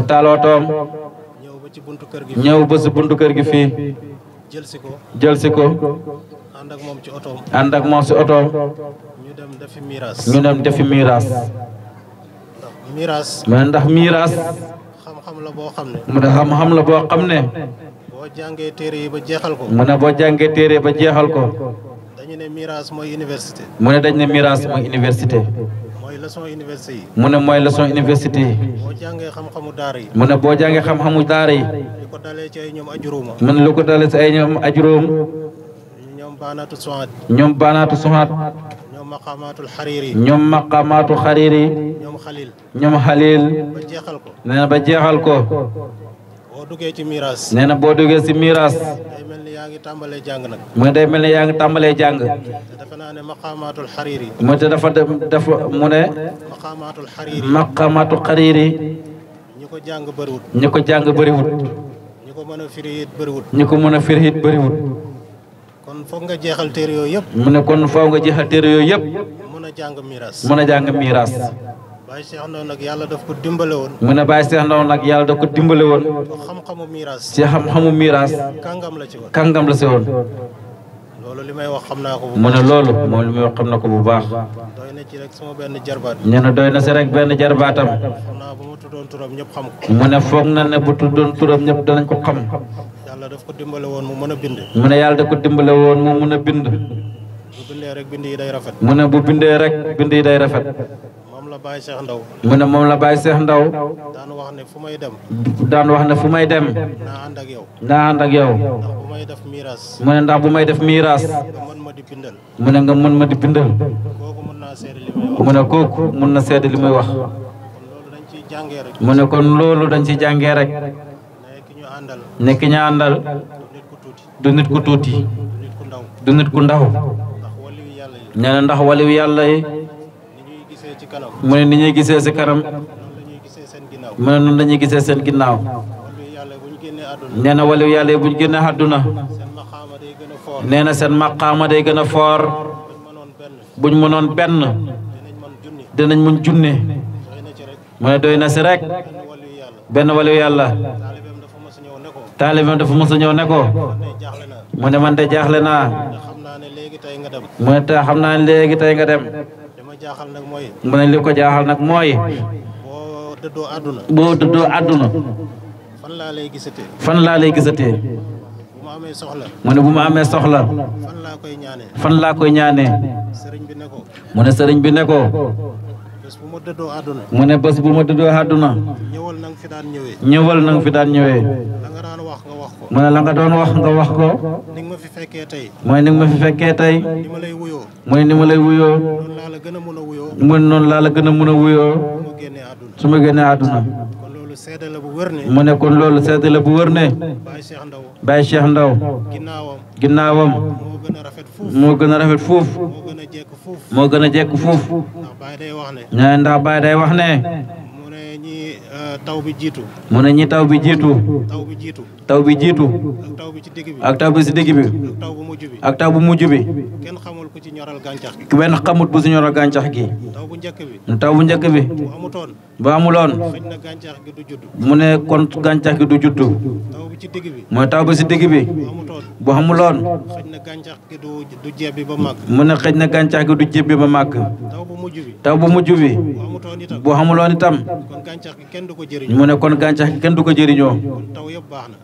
taal otoom mu ñëw ba si buntu kër gi fii jël si ko jël ko ànd ak si ñu dem defi miras miras ma ndax miras xam-xam la boo xam ne mu ne xam-xam la boo xam ne ba ko ba ko dañu ne miras mooy université mu ne dañ ne miras mooy université mooy leçon université mu ne mooy leçon université yi boo xam-xamu daara yi mu ne boo jàngee xam-xamu daara yi ko ci ay lu ko ci ay maqamatul hariri ñom maqamaatu xariri ñoom xalil ñoom xalil ba jeexal ko nee na ba jeexal ko boo duggee ci mirage nee na duggé duggee ci miiras day melni yaangi tambalé jang nak jàng day melni yaangi tambalé jang dafa naa ne maqamatul xariri mu te dafa dafa mu ne maqamatul xariri maqamaatu xariri ñi ko jàng bëriwut ñi ko jàng bëriwut ñi ko firi it bëriwut ñi ko mën a firi it bëriwut kon foog nga jeexal téere yooyu yëpp. mu ne kon foog nga jeexal téere yooyu yëpp. mën a jàng miiras. mën a jàng miiras. Baye Cheikh Ndao nag yàlla daf ko dimbale woon. mu ne Baye Cheikh Ndao nag yàlla daf ko dimbale woon. xam-xamu miiras. ci xam-xamu miiras. kàngam la ci woon kàngam la ci loolu li may wax xam naa ko bu baax mu ne wax xam na ko bu baax. doy na ci rek sama benn jarbaat. ñu ne doy na si rek benn jarbaatam. foog naa bu ñëpp xam ko. mu ne foog na ne bu tuddoon turam ñëpp danañ ko xam. yalla daf ko dimbale won mu meuna bind. mune yalla yàlla daf ko dimbale woon mu mën bind. bu rek bind yi day rafet. mune bu bindé rek bind yi day rafet. mom la Baye Cheikh Ndaw. la Baye Cheikh Ndaw. daan wax ne dem. daan wax ne fu dem. naa ànd ak yow. na and ak yow. bu may def miiras. mune bu may def nga ma di bindal. mune mën na wax. kon lolu dañ ci jangé rek. nekk ñaa àndal du nit ku tuuti du nit ku ndaw nee na ndax waliw yàlla yi mu ne ni ñuy gisee si kanam mu ne noonu la ñuy gisee seen ginnaaw nee na waliw yàlla yi buñ génne àdduna nee na seen maqaama day gën a foor buñ mënoon benn dinañ mu junne mu ne doy na si rek benn waliw yàlla taalibeem dafa mos a ñëw ne ko mu ne man de jaaxle naa mu ne te xam naa ne léegi tey nga dem mu ne li ko jaaxal nag mooy boo dëddoo àdduna fan laa lay gisatee fan laa lay gisatee mu ne bu ma amee soxla fan laa koy ñaanee mu sëriñ bi ne ko mu ne bés bu ma dëddoo àdduna ñëwal na nga fi daan ñëwee. mu ne la nga doon wax nga wax ko. ni nga ma fi fekkee tey. mooy ni nga ma fi fekkee tey. ni ma lay wuyoo. mooy ni ma lay wuyoo. noonu la gën a mun a wuyoo. mu ne noonu laa la gën a mun a wuyoo. su ma génnee àdduna. mu ne kon loolu seede la bu wër ne. Baye Cheikh Ndaw. ginnaawam. moo gën a rafet fuuf. moo gën a jekk fuuf. ndax Baye day wax ne. taw bi jiitu. mu ne ñi taw bi jiitu. taw bi jiitu. taw bi jiitu. ak taw bi ci digg bi. ak taw bi ci bi. ak taw bu mujj bi. ak taw bu mujj bi. kenn xamul ku ci ñoral gàncax gi. benn xamut bu si ñoral gàncax gi. taw bu njëkk bi. taw bu njëkk bi. bu amutoon. bu amuloon. xëy na gàncax gi du judd. mu ne kon gàncax gi du judd. taw bi ci digg bi. mooy taw bi ci digg bi. bu amuloon. xëy na gàncax gi du du jébbi ba màgg. mu ne xëy na gàncax gi du jébbi ba màgg. taw bu mujj bi. taw bu mujj bi. itam. mu ne kon gàncax gi kenn du ko jëriñoo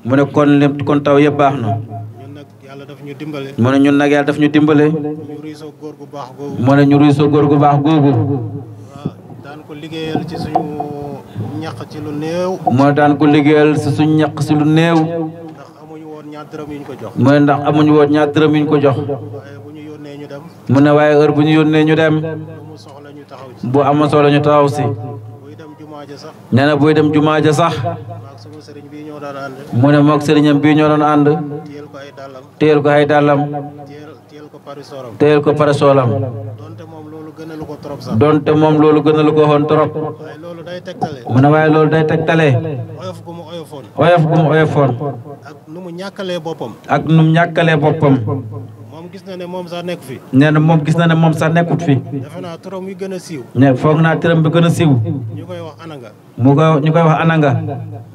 mu ne kon lépp kon taw yëpp baax na mu ne ñun nag yàlla daf ñu dimbale mu ne ñu ruusoo góor gu baax googu mu ne daan ko liggéeyal si suñ ñaq si lu néew mu ne ndax amuñu woon ñaar dërëm yuñ ko jox mu ne waaye heure bu ñu yónnee ñu dem bu amoon soxla ñu taxaw si nee na buy dem jumaa ja sax mu ne moog sëriñam bii ñoo a ànd téyel ko ay dàllam téyel ko parisoolam donte moom loolu gën a lu ko woon trop mu ne waaye loolu day tegtale oyof gu mu oyofoon ak nu mu ñàkkalee boppam ak nu mu ñàkkalee boppam gis na ne moom sax nekk fi. nee na moom gis na ne moom sax nekkut fi. defe naa turam yu gën a siiw. ne foog naa turam bi gën a siiw. ñu koy wax ananga. mu koy ñu koy wax ananga.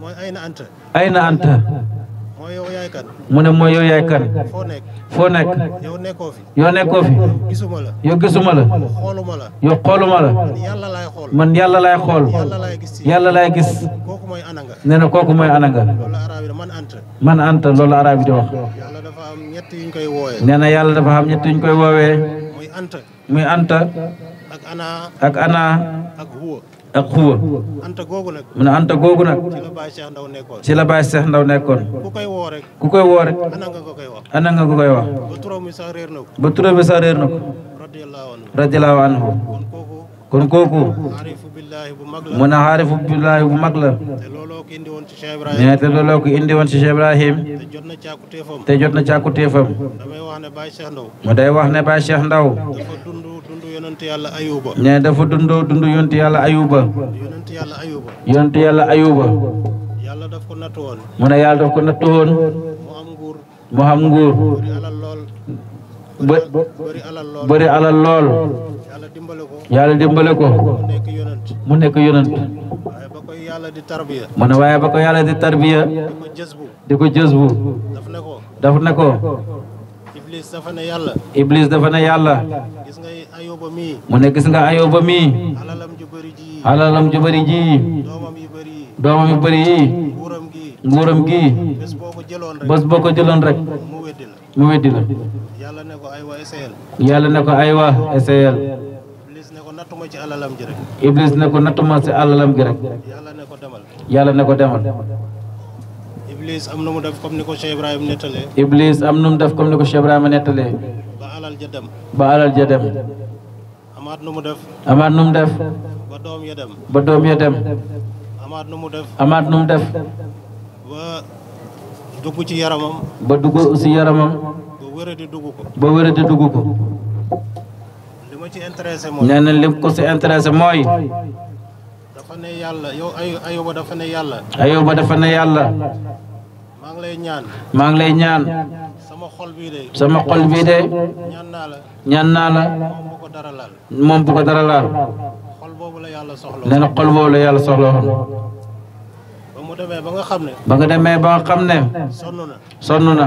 mooy ay na anta. ay na anta. mu ne mooy yow yaay kan foo nekk yow nekkoo fi yow gisuma la yow xooluma la man yàlla laay xool yàlla laay gis nee na kooku mooy ananga man anta loolu araab yi di wax nee na yàlla dafa am ñett yuñ koy woowee muy anta ak ana ak huwa ak xuwa anta googu nag mu ne anta googu nag ci la Baye Cheikh Ndaw nekkoon ku koy woo rek ku koy woo a ana nga ko koy wax ana nga ko koy wax ba turam bi sax réer na ko ba turam bi sax na ko radiyallahu anhu kon kooku mu ne xaarifu billaahi bu mag la nee te looloo ko indi woon ci Cheikh te jot na càkkutéefam mu day wax ne Baye Cheikh Ndaw yonentu yàlla ayuba nee dafa dundoo dund yonentu yàlla ayuba yonentu yàlla ayuba yonentu yàlla ayuba yàlla daf ko natt woon mu ne yàlla daf ko natt woon mu am nguur mu am nguur bëri alal lool yàlla dimbale ko mu nekk yonent mu ne ba ko yàlla di tarbiya di ko jësbu daf ne ko Iblis dafa ne yàlla. Iblis dafa ne yàlla. gis nga ayoba mii. mu ne gis nga ayoba mii. alalam ju bëri ji. alalam ju bëri ji. doomam yu bëri yi. doomam yu bëri nguuram gi. nguuram gi. bés boo ko jëloon rek. boo ko jëloon rek. mu weddi mu weddi la. yàlla ne ko aywa essayel. yàlla ne ko aywa essayel. Iblis ne ko nattuma ci alalam ji rek. Iblis ne ko nattuma ci alalam gi rek. yàlla ne ko demal. yàlla ne ko demal. Iblis am na mu def comme ni ko Cheikh Ibrahima nettalee. def comme ni ko Cheikh Ibrahima nettalee. ba alal ja dem. ba alal ja dem. amaat nu def. amaat num def. ba doom ya dem. ba doom ya dem. amaat nu mu def. amaat nu mu def. ba dugg ci yaramam. ba dugg ci yaramam. ba wéradi ko. ba wéradi dugg ko. li ci intéressé mooy. nee na li ko ci intéressé mooy. dafa ne yàlla yow dafa ne yàlla. maa ngi lay ñaan sama xol bi de sama ñaan naa la moom bu ko dara laal xol la soxla xol boobu la yàlla soxla woon ba mu demee ba nga xam ba nga demee ba nga xam ne sonn na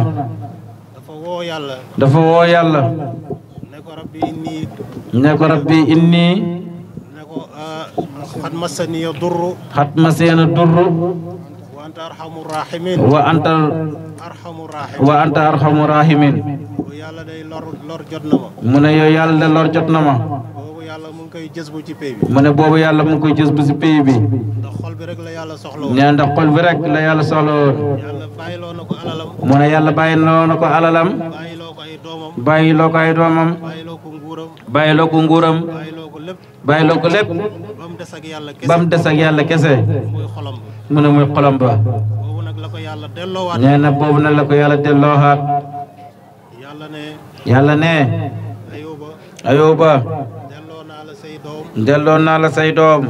dafa woo yàlla inni inni ah, wa anta wa anta arhamu rahimin mu ne yow yàlla de lor jot na ma mu ne boobu yàlla mu ngi koy jës bu ci pays bi nee ndax xol bi rek la yàlla soxla woon mu ne yàlla bàyyi loo na ko alalam bàyyi loo ko ay doomam bàyyi loo ko nguuram bàyyi loo ko lépp ba mu des ak kese mu ne muy xolam ba nee na boobu nag la ko yàlla dellooxaat yàlla ne ayuba delloo naa la say doom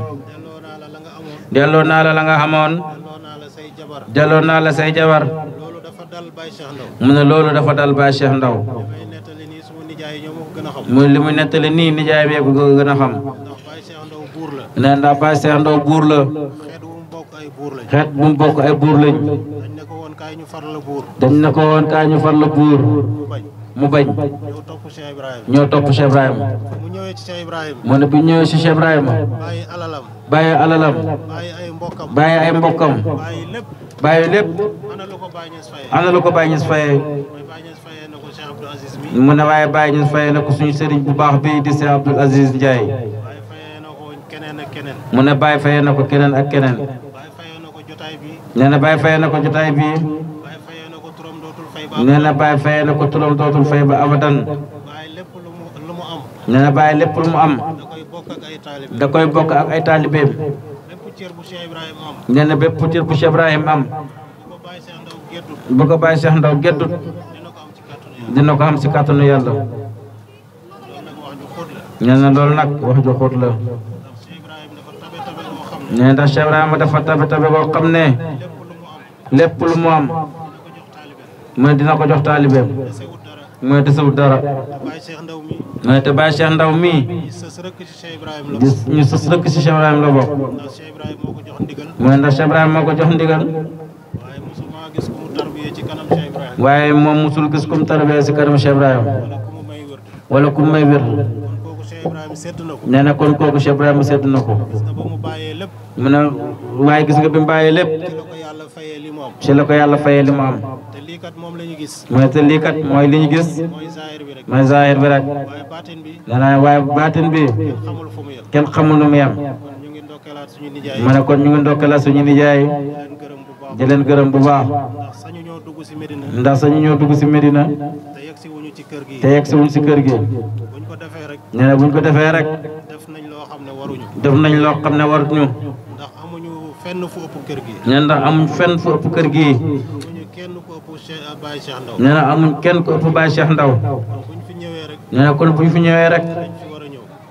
delloo naa la la nga amoon delloo naa la say jabar mu ne loolu dafa dal Baye Cheikh Ndaw mu li muy nettali nii nijaay bi ko gën a xam nee ndax Baye Cheikh Ndaw buur la xeet bu mu bokk ay buur lañ dañ ne ko woon kaay ñu far la buur mu bañ ñoo topp Cheikh Ibrahima ñoo topp Cheikh mu ñëwee ci Cheikh Ibrahima mu ne bu ñëwee ci Cheikh Ibrahima bàyyi alalam bàyyi alalam bàyyi ay mbokkam bàyyi ay mbokkam bàyyi lépp bàyyi lépp ana lu ko Baye Niass fayee ana lu ko Baye Niass fayee mu ne waaye Baye Niass fayee na ko suñu sëriñ bu baax bi di Cheikh Abdoul Aziz Ndiaye mu ne Baye fayee na ko keneen ak keneen nena bay fay nako jotay bi nena bay fay nako na ko turam dootul fay ba abadan nena bay lepp lu mu am da koy bok ak ay talibé nena bepp bépp bu Cheikh Ibrahim am bu ko Baye Cheikh Ndaw geddut dina ko am si kàttanu yàlla nee na loolu nag wax ju xóot la nee ndax Cheikh Ibrahima dafa tabe tabe koo xam ne lépp lu mooy dina ko jox taalibeem mooy desewut dara mooy te Baye Cheikh Ndaw mii di ñu sës ci Cheikh Ibrahima la mooy ndax Cheikh Ibrahima moo ko jox ndigal waaye moom musul gis kum ci kanam wala kum may wér nee na kon kooku Cheikh Ibrahima sedd na ko. mu ne waaye gis nga bi mu bàyyee lépp. ci la ko yàlla fayee li moom am. mu ne te lii kat mooy li ñu gis. mooy zahir bi rek. nee na waaye baatin bi kenn xamul nu mu yem. mu ne kon ñu ngi ndokkalaat suñu nijaay. di leen gërëm bu baax. ndax sañu ñoo dugg si Medina. te yegg si wuñu ci kër gi. defee rek. nee na bu def nañ loo xam ne waruñu. def nañ loo xam ne waruñu. ndax amuñu fenn fu kër gi. nee ndax amuñ fenn fu ëpp gi. kenn ku ëpp euh, Baye Cheikh Ndaw. nee na amuñ kenn ku ëpp Baye Cheikh Ndaw. nee na kon bu ñu fi ñëwee rek.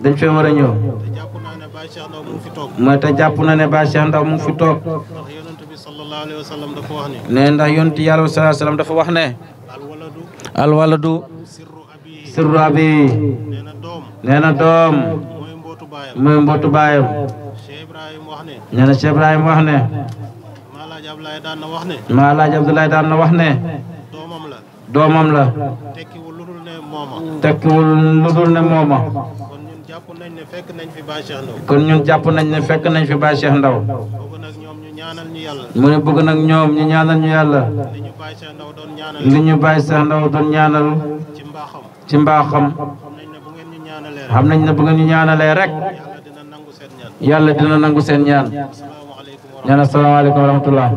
dañ fee war a ñëw. mooy te jàpp na ne Baye Cheikh Ndaw mu ngi fi toog. nee ndax yonent yàlla sallallahu alayhi wa sallam dafa wax ne. alwaladu. sirru abi nee na doom muy mbootu baayam nee na Cheikh Ibrahim wax ne maa laaj Abdoulaye daan na wax ne doomam la tekkiwul lu dul ne mooma kon ñun jàpp nañ ne fekk nañ fi Baay Cheikh Ndaw mu ne bëgg nag ñoom ñu ñaanal ñu yàlla li ñu Baay Ndaw doon ñaanal ci mbaaxam xam nañ ne bu ngeen ñu ñaanalee rek yàlla dina nangu seen ñaan ñaan asalaamaaleykum wa rahmatullah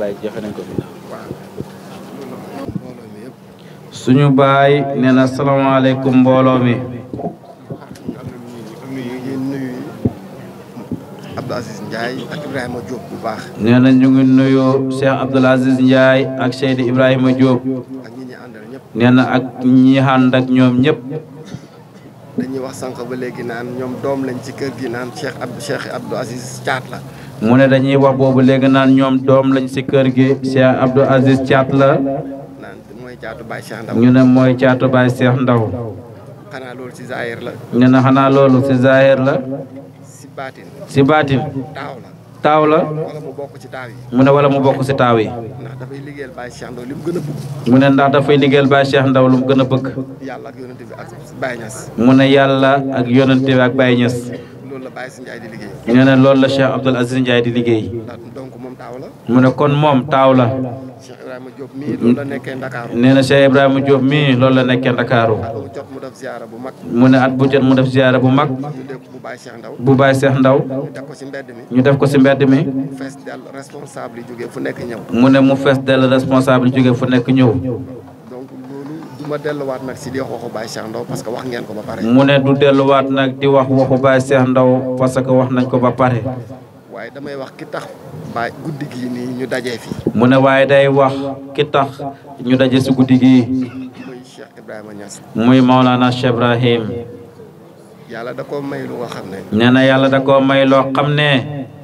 bàyyi joxe nañ ko fi suñu baay nee na salaamaaleykum mbooloo mi. nee na ñu ngi nuyu Cheikh Abdoul Aziz Ndiaye ak Seydi Ibrahima Diop. nee na ak ñi ànd ak ñoom ñëpp. dañuy wax sànq ba léegi naan ñoom doom lañ ci kër gi naan Cheikh Abdou Cheikh Abdoul Aziz caat la. mu ne dañuy wax boobu léegi naan ñoom doom lañ si kër gi Cheikh Abdou Aziz Thiat la ñu ne mooy caatu baay Cheikh Ndaw xanaa loolu si zahir la ñu ne xanaa loolu si zahir la si baatin si baatin taaw la mu ne wala mu bokk ci taaw yi mu ne ndax dafay liggéey Baye Cheikh Ndaw lu mu gën a bëgg mu ne yàlla ak yonente bi ak Baye Niass nee na loolu la Cheikh Abdoul Aziz Ndiaye di liggéey. mu ne kon moom taaw la. nee na Cheikh Ibrahima Diop mii loolu la nekkee Ndakaaru. mu ne at bu jot mu def ziyaara bu mag. bu Baye Cheikh Ndaw. ñu def ko ci mbedd mi. mu ne mu fees dell responsable jóge fu nekk ñëw. ma delluwaat nag si di wax waxu Baye Cheikh Ndao parce que wax ngeen ko ba pare. mu ne du delluwaat nag di wax waxu Baye Cheikh Ndao parce que wax nañ ko ba pare. waaye damay wax ki tax baay ñu dajee fii. mu ne waaye day wax ki tax ñu daje si guddi gii. muy Cheikh Ibrahima Niass. muy Maolana Cheikh Ibrahim. yàlla da koo may lu nga xam ne. nee na yàlla da koo may loo xam ne.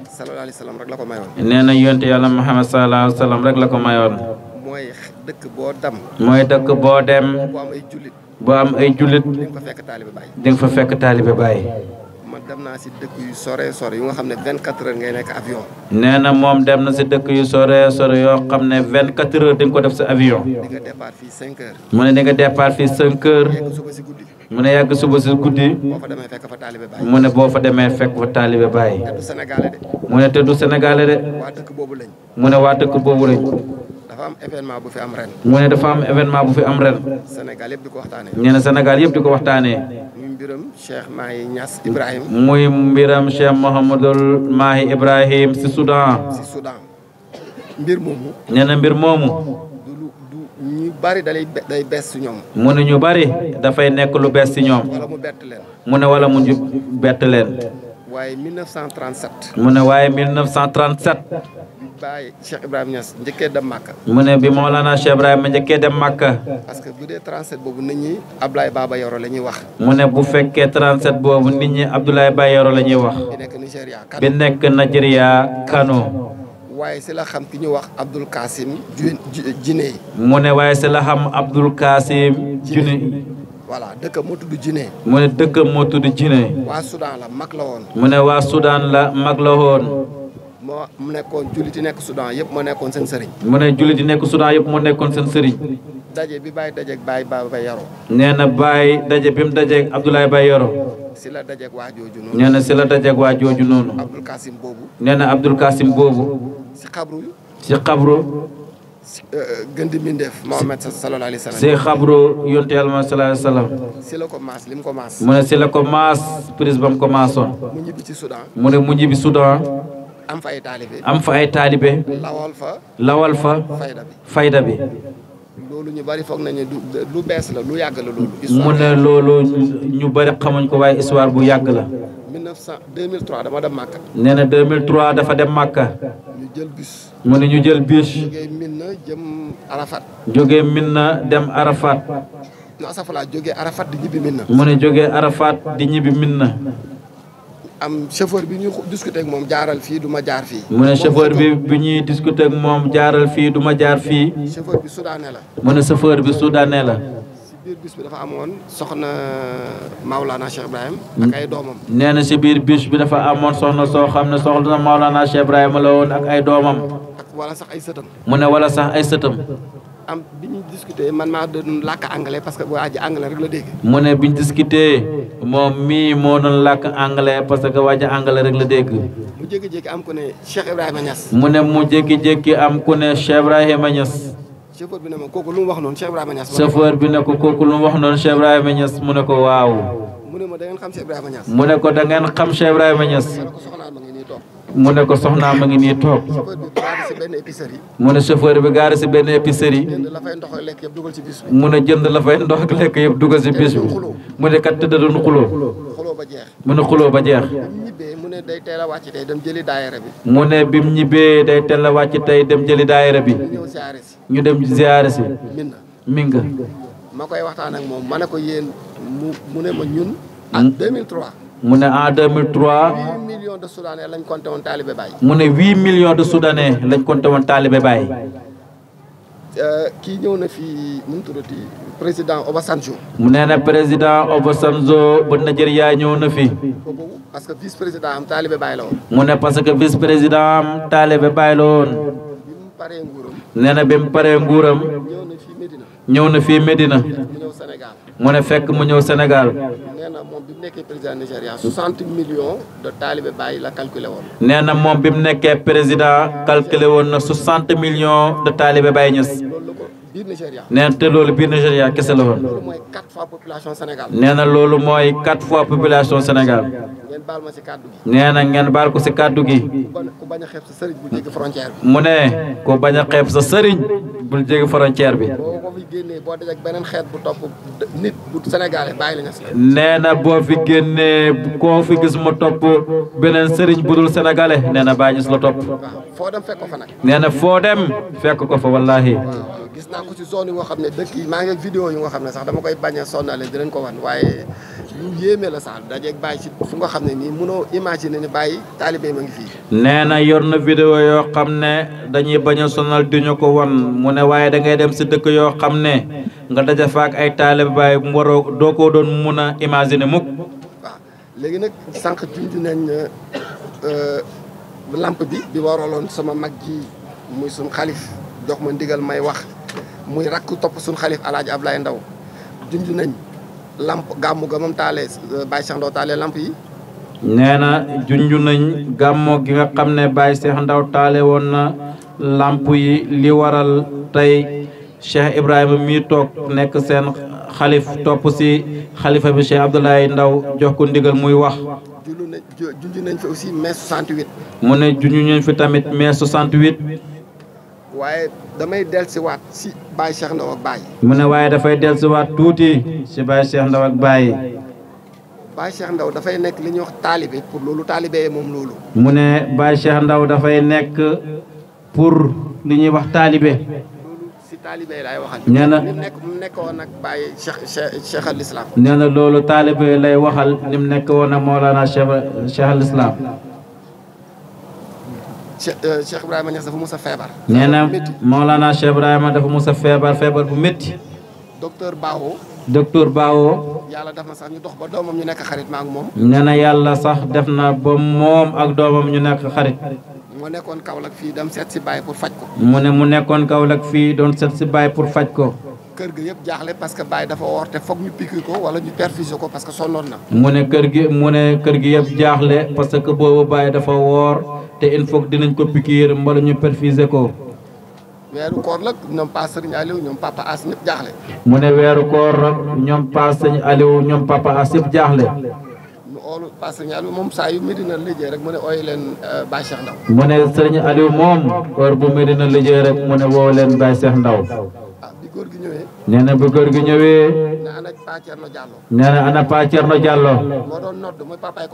sallallahu alayhi wa rek la ko mayoon. nee na yonte yàlla Muhammad sallallahu rek la ko mayoon. dëkk boo dem. mooy dëkk boo dem. boo ay jullit. boo am ay jullit. di nga fa fekk taalibe Baay. di nga fa fekk taalibe Baay. man dem dëkk yu sore yu nga xam ne 24 heures ngay nekk avion. nee na moom dem na si dëkk yu sore sore yoo xam ne 24 heures di nga ko def sa avion. di nga départ fii 5 heures. mu ne di nga départ fii 5 heures. mu ne yàgg suba si guddi. mu ne boo fa demee fekk fa taalibe Baay. mu ne te du Sénégalais de. mun a waa dëkk boobu lañ. dafa am événement bu fi am ren. mu ne dafa am événement di ko waxtaanee. ñu ne Sénégal yëpp di ko waxtaanee. muy mbiram Cheikh Mahi Niass Ibrahim. muy mbiram Cheikh Mouhamadul Mahi Ibrahim si Soudan. si Soudan mbir moomu. nee mbir moomu. ñu bari day day bees ci ñoom. mu ne ñu bari dafay nekk lu bees ci ñoom. mu bett leen. mu ne wala mu ju bett leen. waaye 1937. mu ne waaye bàyyi Cheikh Ibrahima Niass njëkkee mu ne bi Mawlana Cheikh Ibrahima njëkkee dem Màkka. que bu dee 37 boobu nit ñi Abdoulaye wax. mu ne bu fekkee 37 boobu nit ñi Abdoulaye Baba Yoro la ñuy wax. bi nekk Nigeria Kano bi nekk Nigeria Kano. waaye si la xam ki ñu wax Abdul Kasim Jiné. mu ne waaye si la xam Abdul Kasim Jiné. voilà dëkk moo tudd Jiné. mu ne dëkk moo tudd Jiné. waa Soudan la mag la woon. mu ne waa Soudan la mag la woon. moo nekkoon jullit yi nekk Soudan yëpp moo nekkoon seen sëriñ. mu ne jullit yi nekk Soudan yëpp moo nekkoon seen sëriñ. daje bi Baye dajeeg Baye Baba Yaro. nee na Baye daje bi mu dajeeg Abdoulaye Baye Yaro. si la dajeeg waa jooju noonu. nee na si la dajeeg waa jooju noonu. Abdul Kasim boobu. nee na Abdul Kasim boobu. si xabru. si xabru. si euh, gën di mindeef Mohamed sallallahu alayhi wa sallam. si xabru yonte yàlla Mohamed sallallahu alayhi wa sallam. si la ko maas lim ko maas. mu ne si la ko maas prise ba mu ko maasoon. mu ñibbi ci Soudan. mu ne mu ñibbi Soudan. am fa ay taalibe am fa ay taalibe lawal fa fayda bi loolu ñu bari foog nañu bees la lu yàgg la loolu mu ne loolu ñu bari xamuñ ko waaye histoire bu yàgg la 1900 2003 dama dem Màkka nee na 2003 dafa dem Màkka jël bus mu ne ñu jël bus jógee Minna jëm Arafat jógee Minna dem Arafat no asafala jógee Arafat di ñibbi Minna mu ne jógee Arafat di ñibbi na am chauffeur bi ñuy discuter moom jaaral fii du ma jaar fii. mu ne chauffeur bi bi ñuy discuter moom jaaral fii du ma jaar fii. chauffeur bi soudanais la. mu ne chauffeur bi soudanais la. si biir bi dafa amoon soxna Maulana Cheikh Ibrahim. ak ay doomam. nee na si biir bus bi dafa amoon soxna soo xam ne soxna Maulana Cheikh la woon ak ay doomam. ak wala sax ay sëtam. mu ne wala sax ay sëtam. am bi maa doon làkk anglais parce que waa ji anglais rek la dégg. mu ne bi ñu moom mii moo doon làkk anglais parce que waa ji rek la dégg. mu jékki-jékki am ku ne Cheikh Ibrahima Niass. mu ne mu jékki am ku ne Cheikh Ibrahima Niass. chauffeur lu mu wax noonu Cheikh ko kooku mu wax noonu mu ne ko waaw. mu ne ma da xam Cheikh Ibrahima Niass. mu mu ne ko soxnaa ma ngi nii toog mu ne chauffeur bi gaari si benn épicerie mu ne jënd la fay ndox ak lekk yëpp dugal si bis bi mu ne kat tëdd doon xuloo mu ne xuloo ba jeex mu ne bi mu ñibbee day teel a wàcc tey dem jëli daayare bi ñu dem ziyaare si minga ma koy waxtaan ak moom ma ne ko yéen mu ne ma mu ne en 2003 mu ne 8 millions de soudanais lañ compté woon taalibe Baay. kii ñëw na fii nu mu tuddati président Obasanjo. mu nee na président Obasanjo bu Nigeria ñëw na fi. parce que vice président am taalibe Baay la woon. mu ne parce que vice président am taalibe Baay la woon. nee na bi paree nguuram. ñëw na fii Medina. Medina. mu ne fekk mu ñëw Sénégal. nee na moom bi mu nekkee président Nigéria 60 millions de taalibe Baye la calculé woon. nee na moom bi mu nekkee président calculé woon na 60 millions de taalibe Baye Niass. nee na te loolu biir Nigéria kese la woon. nee na loolu mooy 4 fois population Sénégal. nee na ngeen baal ko ci kaddu gi. mu ne ku bañ a sa sëriñ bu jéggi frontière bi. nee na boo fi génnee ko fi gis mu top benen sëriñ bu dul sénégalais nee na bàyyi ñu la topp. nee na fo dem fekk ko fa wallahi gis na ko ci zone yo nga dekk yi ma ngi ak vidéo yi nga xam sax dama koy bañ sonalé di len ko wan waye yu yéme la sax dajé ak bay ci fu nga xam ne nii munoo imaginer ne bàyyi taalibe ma ngi fii. nee na yor na vidéo yoo xam ne dañuy bañ a sonal du ko won mu ne waaye da ngay dem si dëkk yoo xam ne nga daja faak ay taalibe baay waroo doo ko doon mun a imaginer mukk. waaw léegi nag sànq junj nañ euh, lamp bi bi waraloon sama mag ji muy suñ xalif jox ma ndigal may wax muy rakk topp suñ xalif alaaji Ablaye Ndaw junj nañ lamp gàmmu ga moom taalee euh, Baye Cheikh Ndaw taalee lamp yi nee junju nañ gàmmo gi nga xam ne Baye seex Ndaw taale woon na làmp yi li waral tey Cheikh Ibrahima mi toog nekk seen xalif topp si xalifa bi Cheikh Abdoulaye Ndaw jox ko ndigal muy wax junju nañ fi aussi mai 68 mu ne junju nañ fi tamit mai 68 waaye damay dellusiwaat si Baye Cheikh Ndaw ak mu ne waaye dafay dellusiwaat tuuti si Baye Cheikh Ndaw ak Baye Baye Cheikh Ndaw dafay nekk li ñuy wax taalibe pour loolu taalibe moom loolu. mu ne Baye Cheikh Ndaw dafay nekk pour li ñuy wax taalibe. taalibe lay waxal. nee na mu nekkoon ak Baye Cheikh Cheikh al Islam. nee na loolu lay waxal ni mu nekkoon ak Mawlana Cheikh Cheikh al Islam. Euh, Cheikh Ibrahima Niass dafa mus a feebar. nee na Mawlana Cheikh Ibrahima dafa mus a feebar feebar bu metti docteur Bawo. docteur baawo yàlla def na sax ñu dox ba doomam ñu nekk xarit ma ak moom. nee na yàlla sax def na ba moom ak doomam ñu nekk xarit. mu nekkoon Kaolack fii dem seet si Baye pour faj ko. mu ne mu nekkoon Kaolack fii doon seet si baay pour faj ko. kër gi yëpp jaaxle parce que Baye dafa woor te foog ñu piqué ko wala ñu perfusé ko parce que sonnoon na. mu ne kër gi mu ne kër gi yëpp jaaxle parce que boobu Baye dafa woor te il faut dinañ ko piqué mbala ñu perfusé ko. weeru koor nag ñoom Pa Sëriñ Aliou ñoom Papa As ñëpp jaaxle. mu ne weeru koor ñoom Pa Sëriñ Aliou ñoom Papa As ñëpp jaaxle. mu oolu moom saa yu Medina liggéey rek mu ne ooy leen euh, Baye Cheikh Ndaw. mu ne Sëriñ Aliou moom koor bu Medina liggéey rek mu ne woo leen Baye Ndaw. góor gi ñëwee. na bu góor gi ñëwee. nee na Pa Cerno Diallo. nee na ana Pa Cerno Diallo. moo doon nodd mooy papaay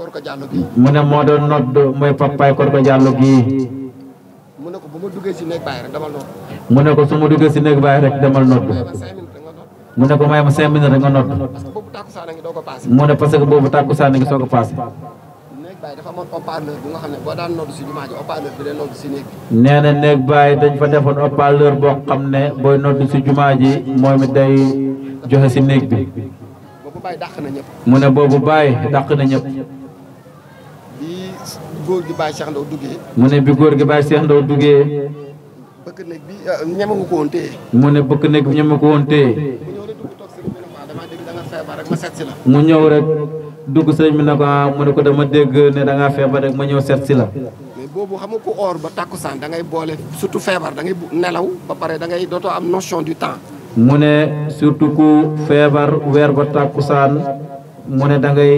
Korka Diallo bii. mu Muna rek ko su ma duggee si néeg rek demal nodd Muna ko may ma cinq minutes rek nga nodd mu ne parce que bobu takusan nga soko soog nek bay dafa amoon haut bu nga daan bi dañ fa defon opaleur bo boy nodd day joxe ci nek bi bobu bay dàq na ñep mu bobu bay na ñep góor gi Baye Cheikh Ndaw duggee. mu ne bi góor gi Baye Cheikh Ndaw duggee. bëkk néeg bi ah, ñeme nga ko mu ne bëkk néeg bi ñeme ko woon téye. Ah, mu ñëw rek dugg sëriñ bi ne ko ah, mu ne ko dama dégg da ngaa feebar ma ñëw seet si la. mais xam nga ku or ba tàkkusaan da ngay boole surtout feebar da ngay nelaw ba pare da dootoo am notion du temps. mu ne surtout ku feebar weer ba tàkkusaan mu ne da ngay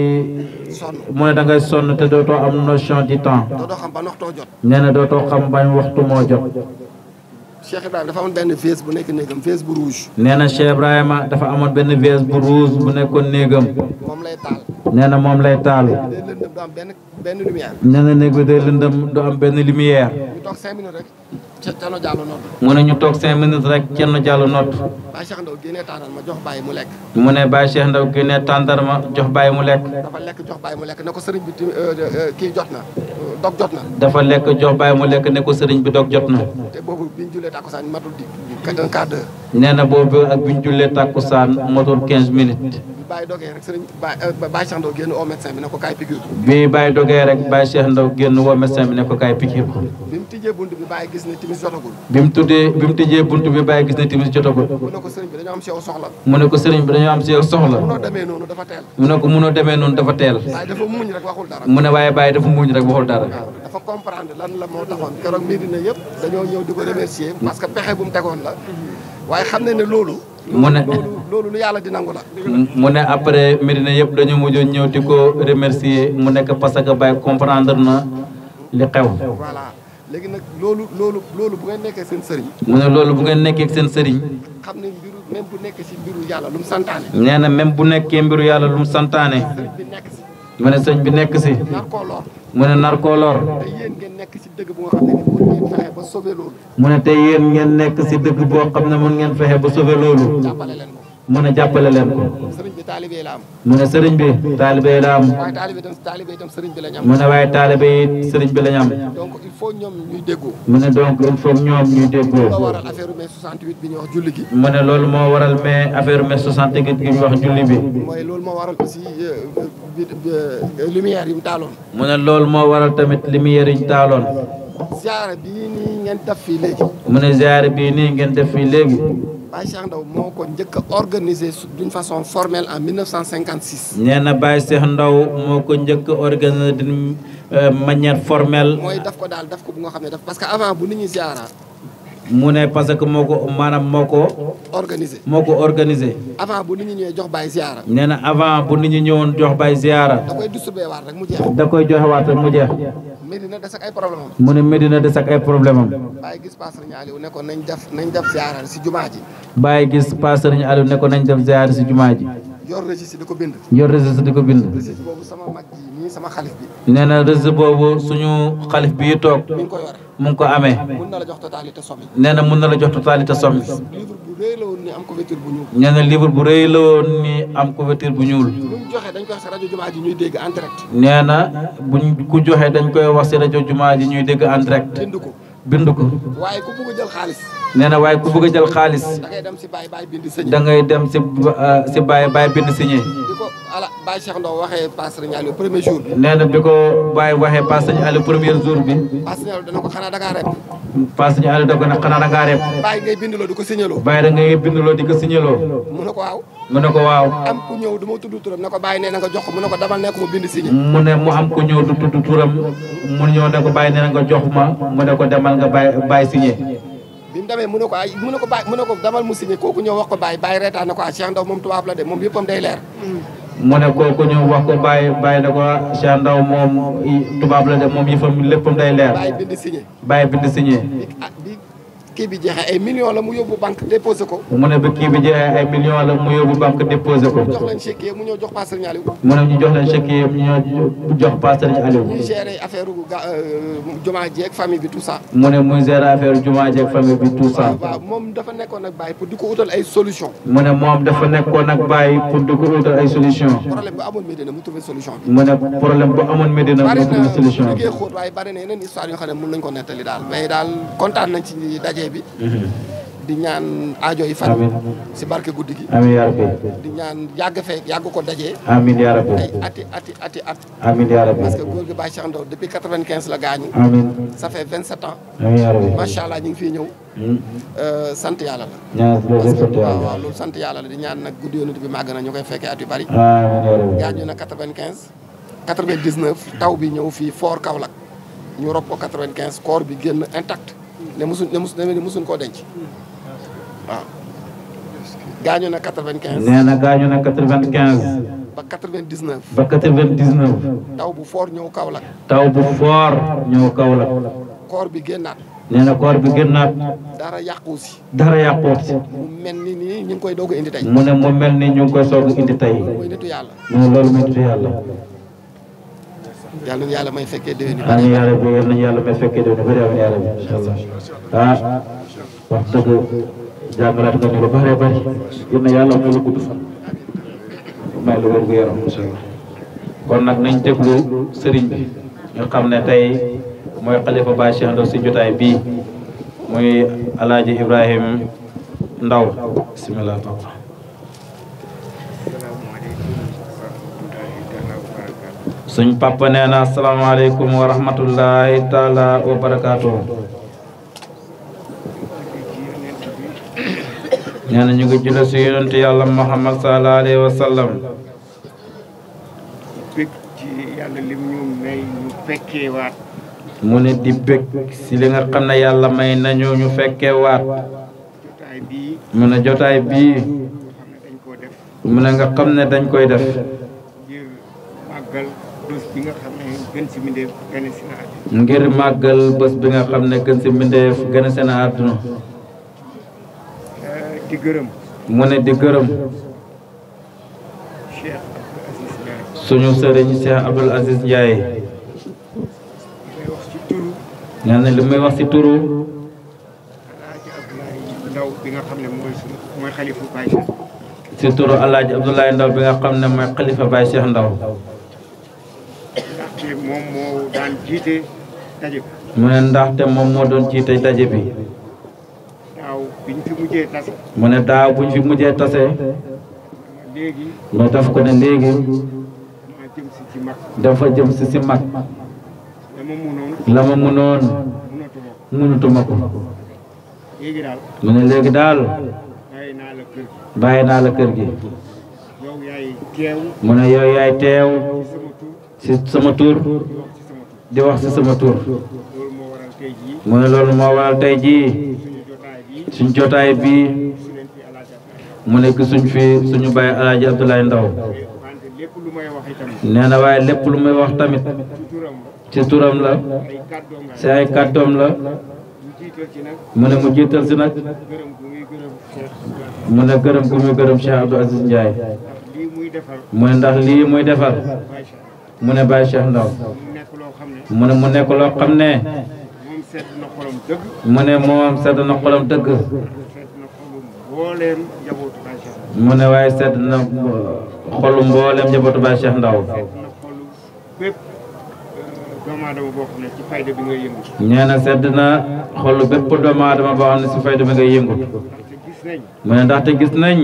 mu ne da ngay sonn te dootoo am notion du temps nee na dootoo xam bañ waxtu moo jot. Cheikh Ibrahima dafa benn vase bu nekk bu nee na Cheikh Ibrahima dafa amoon benn vase bu rouge bu nekkoon néegam. moom na moom lay taal. nee na néeg bi day lëndëm du am benn lumière. Cerno Jallo nodd mu ne ñu toog cinq minutes rek Cerno Jallo nodd Baye Cheikh Ndaw génnee tàndar ma jox bàyyi mu lekk mu ne Baye Cheikh Ndaw génnee tàndar ma jox bàyyi mu lekk dafa lekk jox bàyyi mu lekk ne ko sëriñ bi euh, euh, euh, kii jot na dog jot na dafa lekk jox mu lekk ne ko sëriñ bi dog jot te boobu bi ñu jullee tàkkusaan matul di un quart d'heure nee na boobu ak bi ñu jullee tàkkusaan matul quinze minutes bi Baye dogee rek sëriñ Baye euh, Cheikh Ndaw génn woo médecin bi ne ko kaay piqûre bi mu tijjee bunt bi Baye gis ne timis jotagul. bi mu tuddee bi mu tijjee bunt bi Baye gis ne timis jotagul. mu ne ko sëriñ bi dañoo am si soxla. mu ne ko sëriñ bi dañoo am si soxla. munoo demee noonu dafa teel. mu ne ko munoo demee noonu dafa teel. waaye dafa muñ rek waxul dara. mu ne waaye Baye dafa muñ rek waxul dara. dafa comprendre la moo taxoon keroog mbir dina yëpp ñëw di ko parce que pexe bu mu tegoon la mhm. waaye xam ne ne loolu mu ne loolu lu yàlla di nangu mu ne après Medina yëpp dañu mujjoon ñëw ti ko remercier mu nekk parce que Baye comprendre na li xew. voilà léegi nag loolu loolu loolu bu mu ne loolu bu ngeen nekkee seen sëriñ. xam ne mbiru bu nekkee mbiru yàlla lu mu nee na même bu nekkee mbiru yàlla lu mu santaane. mu ne sëñ bi nekk si. mu ne nar koo lor. mu ne te yéen ngeen nekk si dëgg boo xam ne mën ngeen fexe ba sauver loolu. mu ne jàppale leen ko mu ne sëriñ bi taalibe la am mu ne waaye taalibe yi sëriñ bi la ñu am mu ne donc il faut ñoom ñuy déggoo mu ne loolu moo waral mais affaire mai 68 gi ñu wax julli bi euh, mu ne loolu moo waral tamit lumière yi ñu taaloon mu ne ziyaare bii nii ngeen def fii léegi Baye Cheikh Ndaw moo ko njëkk organiser organisé d'une façon formelle en 1956. nee na Baye Cheikh Ndaw moo ko njëkk a organisé d'une euh, manière formelle. mooy daf ko daal daf ko bu xam ne daf parce que avant bu nit ñi ziaraat. mu ne parce que moo ko maanaam moo ko. organisé moo ko organisé. avant bu nit ñi ñëwee jox bàyyi ziara. nee na avant bu nit ñi ñëwoon jox bàyyi ziara. da koy distribué waat rek mu jeex. da koy joxe waat rek mu jeex. Medina des ak ay problème mu ne Medina des ak ay problème am. gis Paa Sëriñ Aliou ne nañ def nañ def ziara si jumaa ji. bàyyi gis Paa Sëriñ Aliou ne ko nañ def ziara si jumaa ji. yor di ko bind. yor registre di ko bind. registre boobu sama ko yore. mu ngi ko amee nee na mun na la jox totalité somme bi nee na livre bu rëy la woon ni am couverture bu ñuul nee na buñ ku joxe dañ koy wax si rajo jumaa ji ñuy dégg en direct bind ko waaye ku bëgg nee na waaye ku bëgg a jël xaalis da ngay dem si si baay baay bind signé. Euh, Baye Cheikh Ndao waxee Passe Serigne Aliou premier jour bi. nee na bi ko Baye waxee Passe Serigne Aliou premier jour bi. Passe Serigne Aliou dana ko xanaa da ngaa rep. Passe Serigne Aliou da ko xanaa da ngaa rep. Baye ngay bindloo di ko signaloo. Baye da ngay bindloo di ko signaloo. mu ne ko waaw. mu ne ko waaw. am ku ñëw du ma tudd turam ne ko Baye nee na nga jox ko mu ne ko dama nekk mu bind signé. mu ne mu am ku ñëw du tudd turam mu ñëw ne ko Baye nee na nga jox ma mu ne ko demal nga Baye si signé. bi mu demee mu ne ko ay mu ne ko bàyyi mu ne ko damal mu signé kooku ñëw wax ko bàyyi bàyyi reetaan ko ah Cheikh Ndaw moom tubaab la de moom yëppam day leer. mu ne kooku ñëw wax ko bàyyi bàyyi na ko ah Cheikh Ndaw moom tubaab la de moom yëppam léppam day leer. bàyyi bind si bàyyi bind signé. Ah, kii bi jeexee ay millions la mu yóbbu banque déposé ko. mu ne ba kii bi jeexee ay millions la mu yóbbu banque déposé ko. jox leen chèque yëpp mu ñëw jox Pa Serigne Aliou. mu ne ñu jox leen chèque yëpp ñu ñëw jox Pa Serigne Aliou. muy gérer affaire ga euh, jumaa ji ak famille bi tout ça. mu ne muy gérer affaire jumaa ji ak famille bi tout ça. waaw moom dafa nekkoon ak Baye pour di ko utal ay solution mu ne moom dafa nekkoon ak Baye pour di ko utal ay solution problème bu amoon Medina mu trouvé solution bi. mu ne problème bu amoon Medina mu trouvé solution bi. bari na liggéey xóot waaye bari na yeneen histoire yoo xam ne mën nañu ko nettali daal mais daal kontaan nañ ci daje liggéey bi mhm. ñaan aajo yi fan si barke guddi gi di ñaan yàgg fee yàgg ko dajee amiin yaa rabbi ay ati ati ati at amiin yaa rabbi parce que góor gi Baye Cheikh depuis quatre-vingt-quinze la gaañu amiin ça vingt-sept ans amiin allah ñu ngi fii ñëw hmm. euh, sant yàlla la parce que waaw sant yàlla la di ñaan nag guddi ñu koy fekkee at yu bari gaañu na quatre-vingt-quinze quatre-vingt-dix-neuf taw bi ñëw fii fort Kaolack ñu rob ko quatre-vingt-quinze corps bi génn intact ne musuñ ne musu ne musuñ koo denc waaw gaañu na quatre vingt na gaañu na quatre-vingt-quinze ba quatre-vingt-dix-neuf ba quatre-vingt-dix-neuf taw bu foor ñëw kaw Kaolack taw bu foor ñëw Kaolack koor bi génnaat nee na koor bi génnaat dara yàquut si dara yàquut si mu mel ni nii ñu ngi koy doog a indi tey mu ne mu mel ni ñu ngi koy soog a indi tey mooy yàlla mu ne loolu mooy nitu yàlla yàlla nañu yàlla may fekkee déwén. amiin yaa rabbi yàlla nañu yàlla may fekkee déwén bëri amiin yaa rabbi incha allah ah wax dëgg jàngalaat nga ni lu bëree bëri yéen a yàlla may la gudd fan may lu wér gu yaram incha allah kon nag nañ déglu sëriñ bi ñu xam ne tey mooy xalifa Baye Cheikh Ndaw si jotaay bii muy alaaji Ibrahim Ndaw bisimilah. suñ papa neena assalamu alaykum wa rahmatullahi taala wa barakatuh neena ñu ngi jël si yoonte yalla Muhammad sallallahu alayhi wa sallam. bég ci yalla lim ñu may ñu fekke waat. mu ne di bég si li nga xam yalla may nañu ñu fekke waat. mu ne jotaay bi mu ne nga xamne dañ koy def. bés bi nga xam ne gën si mbindeef gën si na àdduna. ngir màggal bés bi nga xam ne gën si mbindeef gën si euh, di gërëm. mu ne di gërëm. suñu sëriñ Cheikh Abdoul Aziz Ndiaye. li muy wax si turu. bi nga xam ne mooy si turu El Hadj Ndaw bi nga xam ne mooy xalifa Baye Cheikh Ndaw. moom moo daan jiite daje bi. mu ne ndaxte moom moo doon jiite daje bi. daaw ne daaw buñ fi mujjee tase. léegi. mais daf ko ne léegi. dafa jëm si si mag. la ma mënoon. mënatuma ko. ne léegi daal. bàyyi naa la kër gi. mu ne yow yaay teew. si sama tur di wax si sama tur mu ne loolu moo waral tey jii suñ jotaay bii mu nekk suñ fi suñu baay alaaji Abdoulaye Ndaw nee na waaye lépp lu may wax tamit ci turam la si ay kàddoom la mu ne mu jiital si nag mu ne gërëm gu gërëm Cheikh Abdou Aziz Ndiaye mu ne ndax lii muy defar mu ne Baye Cheikh Ndaw mu ne mu nekk loo xam ne mu ne moom sedd na xolam dëgg mu ne waaye sedd na xolu mboolem njabootu Baye Cheikh Ndaw nee na sedd na xolu bépp doomu aadama boo xam ne si fayda bi ngay yëngu mu ne ndaxte gis nañ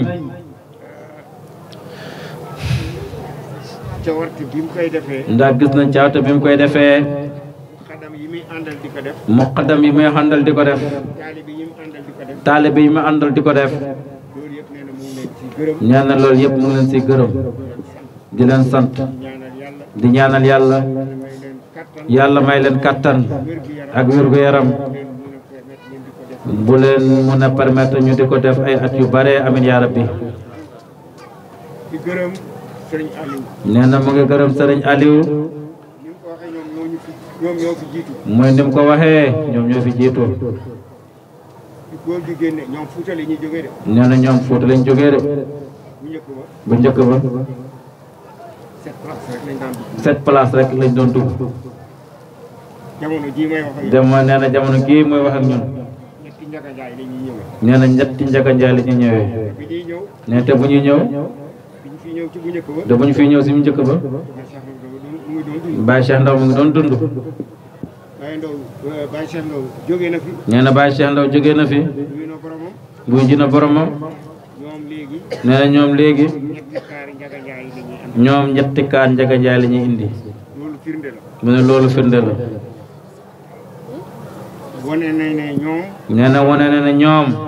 ndax gis nañ cawarte bi mu koy defee muqaddam yi muy àndal di ko def taalibe yi muy àndal di ko def ñaan na loolu yëpp mu ngi leen si gërëm di leen sant di ñaanal yàlla yàlla may leen kàttan ak wér-gu-yaram bu leen mun a permettre ñu di ko def ay at yu bare amin yaa rabbi sëriñ mo ngi gërëm sëriñ Aliou. moy ni ko waxee ñom ñoo fi jitu nee ñom foot lañu joggé jógee de. bu ñëk ba. set place rek lañ doon dugg. jamono nee na jamono gii mooy wax ak ñun. nee na ñetti njëkk njaay la ñuy ñëwee. nee te bu ñuy ñëw fi ñëw fi ñëw si bu njëkk ba. Baye Cheikh Ndaw mu doon dund. Baye Ndaw Baye Cheikh Ndaw na fi. nee na Baye Cheikh Ndaw jógee na fi. buy ji na boromam. nee indi. mu ne firnde la. ne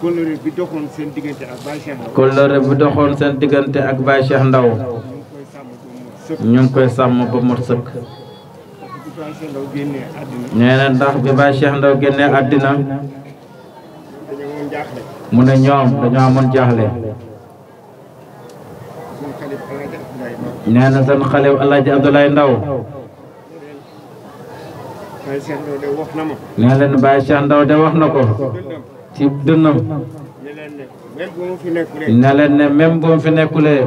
kóllëre bi doxoon seen diggante ak Baye Cheikh Ndaw. kóllëre seen diggante ak Baye Cheikh Ndaw. ñu ngi koy sàmm ba sëkk. nee na ndax bi Baye Cheikh Ndaw génnee àddina. mu ne ñoom dañoo amoon jaaxle. nee seen xalif El Hadj Ndaw. nee leen Baye Ndaw de wax na ko. ci dënnam na ne même boo fi nekkulee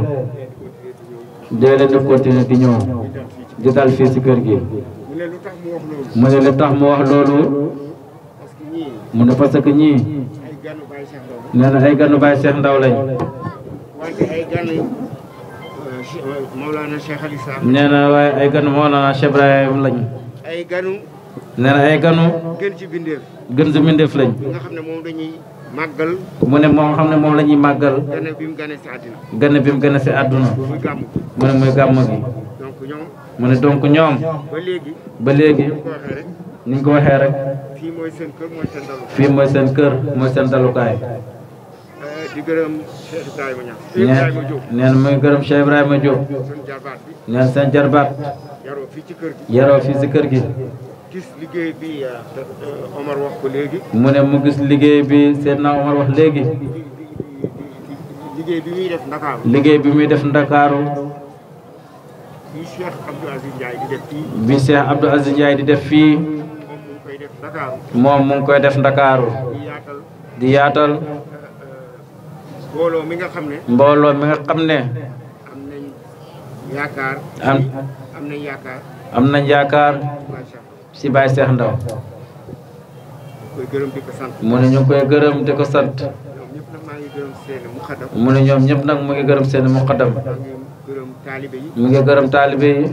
dee leen di continuer di ñëw di dal fii ci kër gi mu ne lu tax mu wax loolu mu ne parce que ñii nee na ay ganu Baay Seex Ndaw lañ euh, euh, nee ay ganu Mawlana Cheikh Ibrahim lañ nee na ay eh, ganu. gën ci bindeef. gën ci bindeef lañ. xam ne moom dañuy màggal. mu ne moom xam ne moom la ñuy màggal. gane bi mu gane si àdduna. bi mu si àdduna. muy gàmm mu ne muy gàmm gi. donc ñoom. mu ne donc ñoom. ba léegi. ba léegi. ko waxee rek. fii mooy seen kër mooy seen dalukaay. fii mooy seen kër mooy seen dalukaay. Eh, di gërëm Cheikh Ibrahima Niass. Ibrahima Diop nee na muy gërëm Cheikh Ibrahima Diop. jarbaat. yaroo fii ci kër gi. yaroo kër gi. gis liggéey bi euh, euh, Omar léegi. mu ne mu gis liggéey bi Seydina Omar wax léegi. liggéey bi muy def Ndakaaru. liggéey bi muy def Ndakaaru. bi Cheikh Abdou Aziz di def fii. moom mu koy def Ndakaaru. di yaatal. Euh, mbooloo mi nga xam ne. mbooloo mi am nañ yaakaar. am am am nañ yaakaar. si Baye Cheikh Ndaw mu ne ko sant mu ñoom ñëpp nag mu ngi gërëm seen muqaddam mu ngi gërëm taalibe yi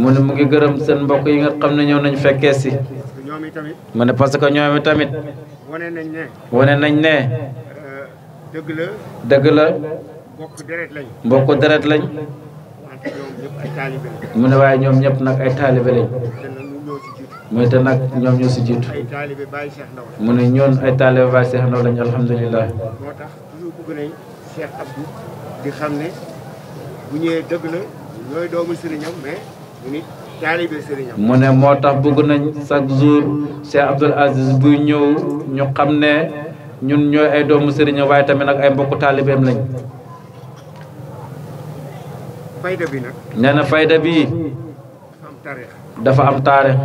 mu ne mu ngi gërëm seen mbokk yi nga xam ne ñëw nañ fekkee si mu ne parce que ñoom tamit wane nañ ne wane nañ ne dëgg la dëgg la mbokk deret lañ mu ne waaye ñoom ñëpp nag ay taalibe lañ mooy te nag ñoom ñoo si jiitu mu ne ñoon ay taalibe Baye Cheikh Ndaw lañ alhamdulilah. moo tax toujours bëgg nañ Cheikh Abdou di xam ne bu ñëwee dëgg mu ne moo tax bëgg nañ chaque jour Cheikh Abdoul Aziz buy ñëw ñu xam ne ñun ñooy ay doomu sëriñam waaye tamit nag ay mbokku taalibeem lañ. fayda bi nag. nee na fayda bi dafa am taarix.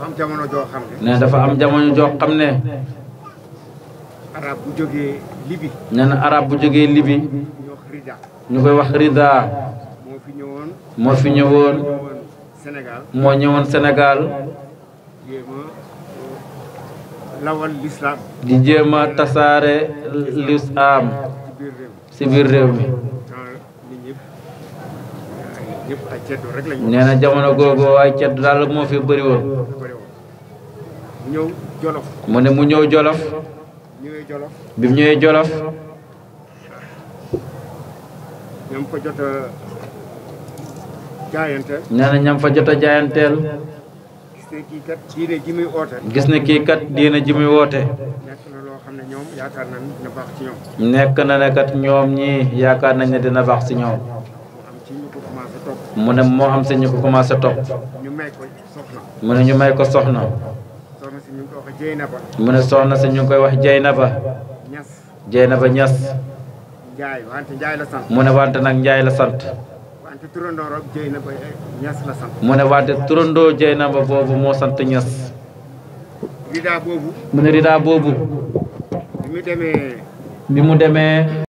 am dafa am jamono joo xam ne. arab bu jógee Libi. nee na koy wax Rida. moo fi ñëwoon. moo ñëwoon. Sénégal lawan bislam di jema tasare tasaare lislaam si biir réew mi neena jamono gogo waaye ceddu dal mo fi beuri bëri woon mu ne mu ñew jolof ñewé bi mu ñëwee jolof ñam fa jotta jaayante neena ñam fa jotta jaayantel gis ne kii kat diine ji muy woote. gis ne kii kat diine ji woote. nekk na loo xam ne ñoom yaakaar nañ nekk na ne kat ñoom ñii yaakaar nañ ne dina baax ci ñoom. mu ne moo xam si ñu ko commencé topp. ñu may ko soxna. mu ne ñu may ko soxna. ñu koy wax Jeynaba. mu ne soxna si ñu koy wax Jeynaba. Ñas Jeynaba Ñas. Njaay wante Njaay la sant. mu ne wante nag Njaay la sant. Eh, mu ne waate turandoo Jeynaba boobu moo sant Ñas mu ne ridaa boobu bi mu demee